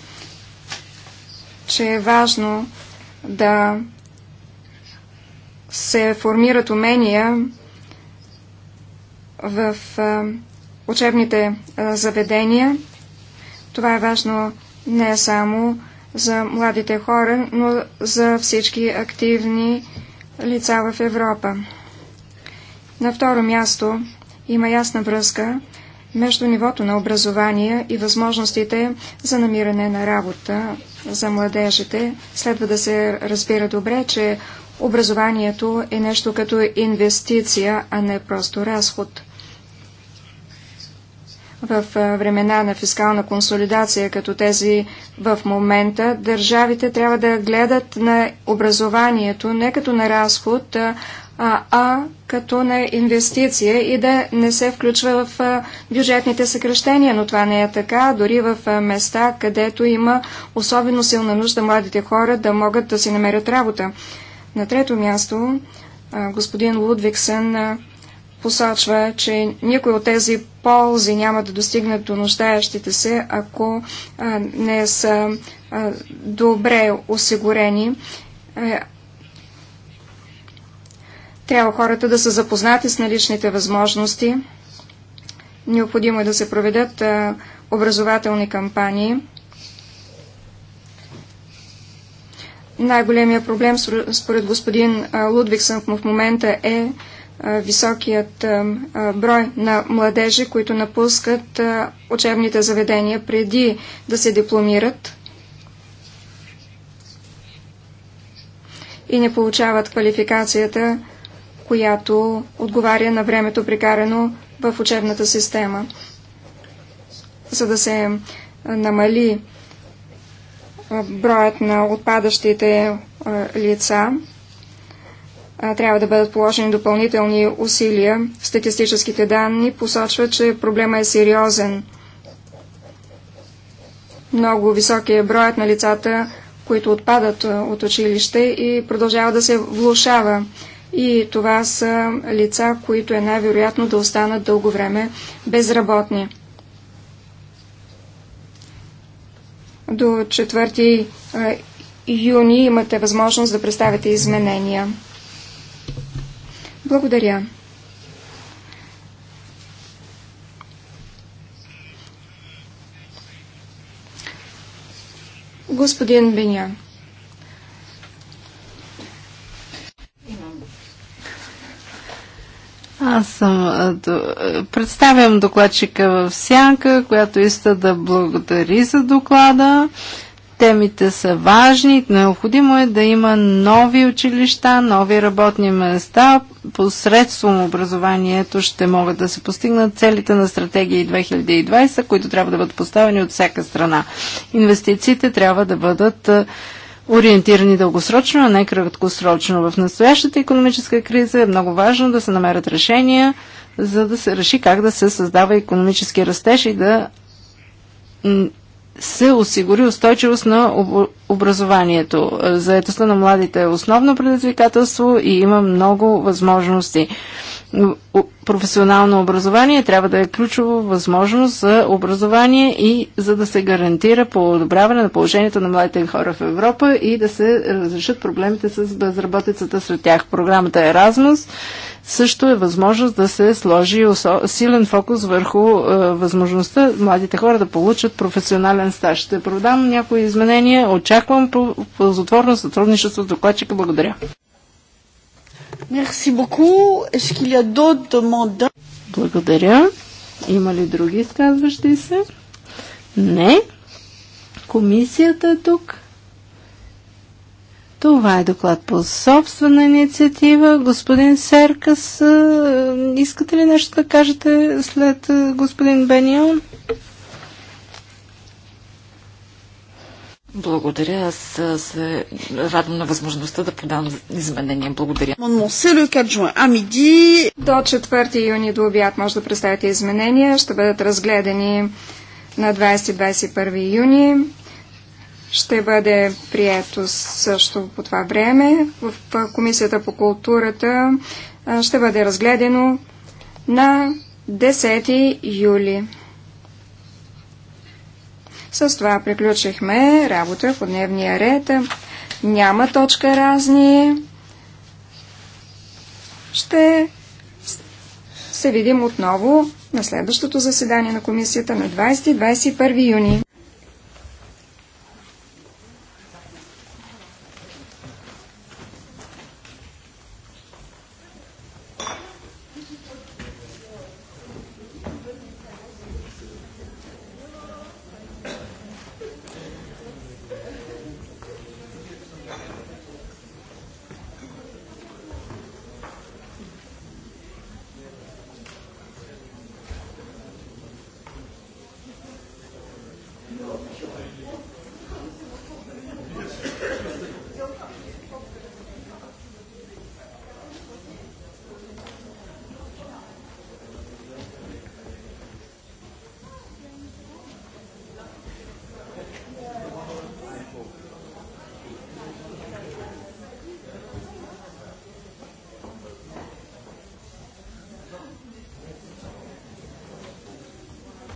че е важно да се формират умения в учебните заведения. Това е важно не само за младите хора, но за всички активни лица в Европа. На второ място има ясна връзка между нивото на образование и възможностите за намиране на работа за младежите. Следва да се разбира добре, че образованието е нещо като инвестиция, а не просто разход. В времена на фискална консолидация, като тези в момента, държавите трябва да гледат на образованието не като на разход, а, а като на инвестиция и да не се включва в а, бюджетните съкрещения, но това не е така. Дори в а, места, където има особено силна нужда младите хора да могат да си намерят работа. На трето място а, господин Лудвиксън а, посочва, че никой от тези ползи няма да достигнат до нуждаещите се, ако а, не са а, добре осигурени е, трябва хората да са запознати с наличните възможности. Необходимо е да се проведат а, образователни кампании. Най-големия проблем, според господин Лудвиксън в момента е високият брой на младежи, които напускат учебните заведения преди да се дипломират и не получават квалификацията, която отговаря на времето прекарано в учебната система. За да се намали броят на отпадащите лица, трябва да бъдат положени допълнителни усилия. Статистическите данни посочват, че проблема е сериозен. Много висок е броят на лицата, които отпадат от училище и продължава да се влушава и това са лица, които е най-вероятно да останат дълго време безработни. До 4 юни имате възможност да представите изменения. Благодаря. Господин Беня. Аз съм, представям докладчика в сянка, която иска да благодари за доклада. Темите са важни, необходимо е да има нови училища, нови работни места. Посредством образованието ще могат да се постигнат целите на стратегии 2020, които трябва да бъдат поставени от всяка страна. Инвестициите трябва да бъдат ориентирани дългосрочно, а не краткосрочно. В настоящата економическа криза е много важно да се намерят решения, за да се реши как да се създава економически растеж и да се осигури устойчивост на об образованието. Заетостта на младите е основно предизвикателство и има много възможности професионално образование трябва да е ключово възможност за образование и за да се гарантира одобряване на положението на младите хора в Европа и да се разрешат проблемите с безработицата сред тях. Програмата Erasmus също е възможност да се сложи силен фокус върху е, възможността младите хора да получат професионален стаж. Ще продам някои изменения. Очаквам ползотворно сътрудничество с докладчика. Благодаря. Благодаря. Има ли други изказващи се? Не. Комисията е тук. Това е доклад по собствена инициатива. Господин Серкас, е, искате ли нещо да кажете след е, господин Бениал? Благодаря. Аз се радвам на възможността да подам изменения. Благодаря. До 4 юни до обяд може да представите изменения. Ще бъдат разгледани на 20-21 юни. Ще бъде прието също по това време. В Комисията по културата ще бъде разгледано на 10 юли. С това приключихме работа по дневния ред. Няма точка разни. Ще се видим отново на следващото заседание на комисията на 20 и 21 юни.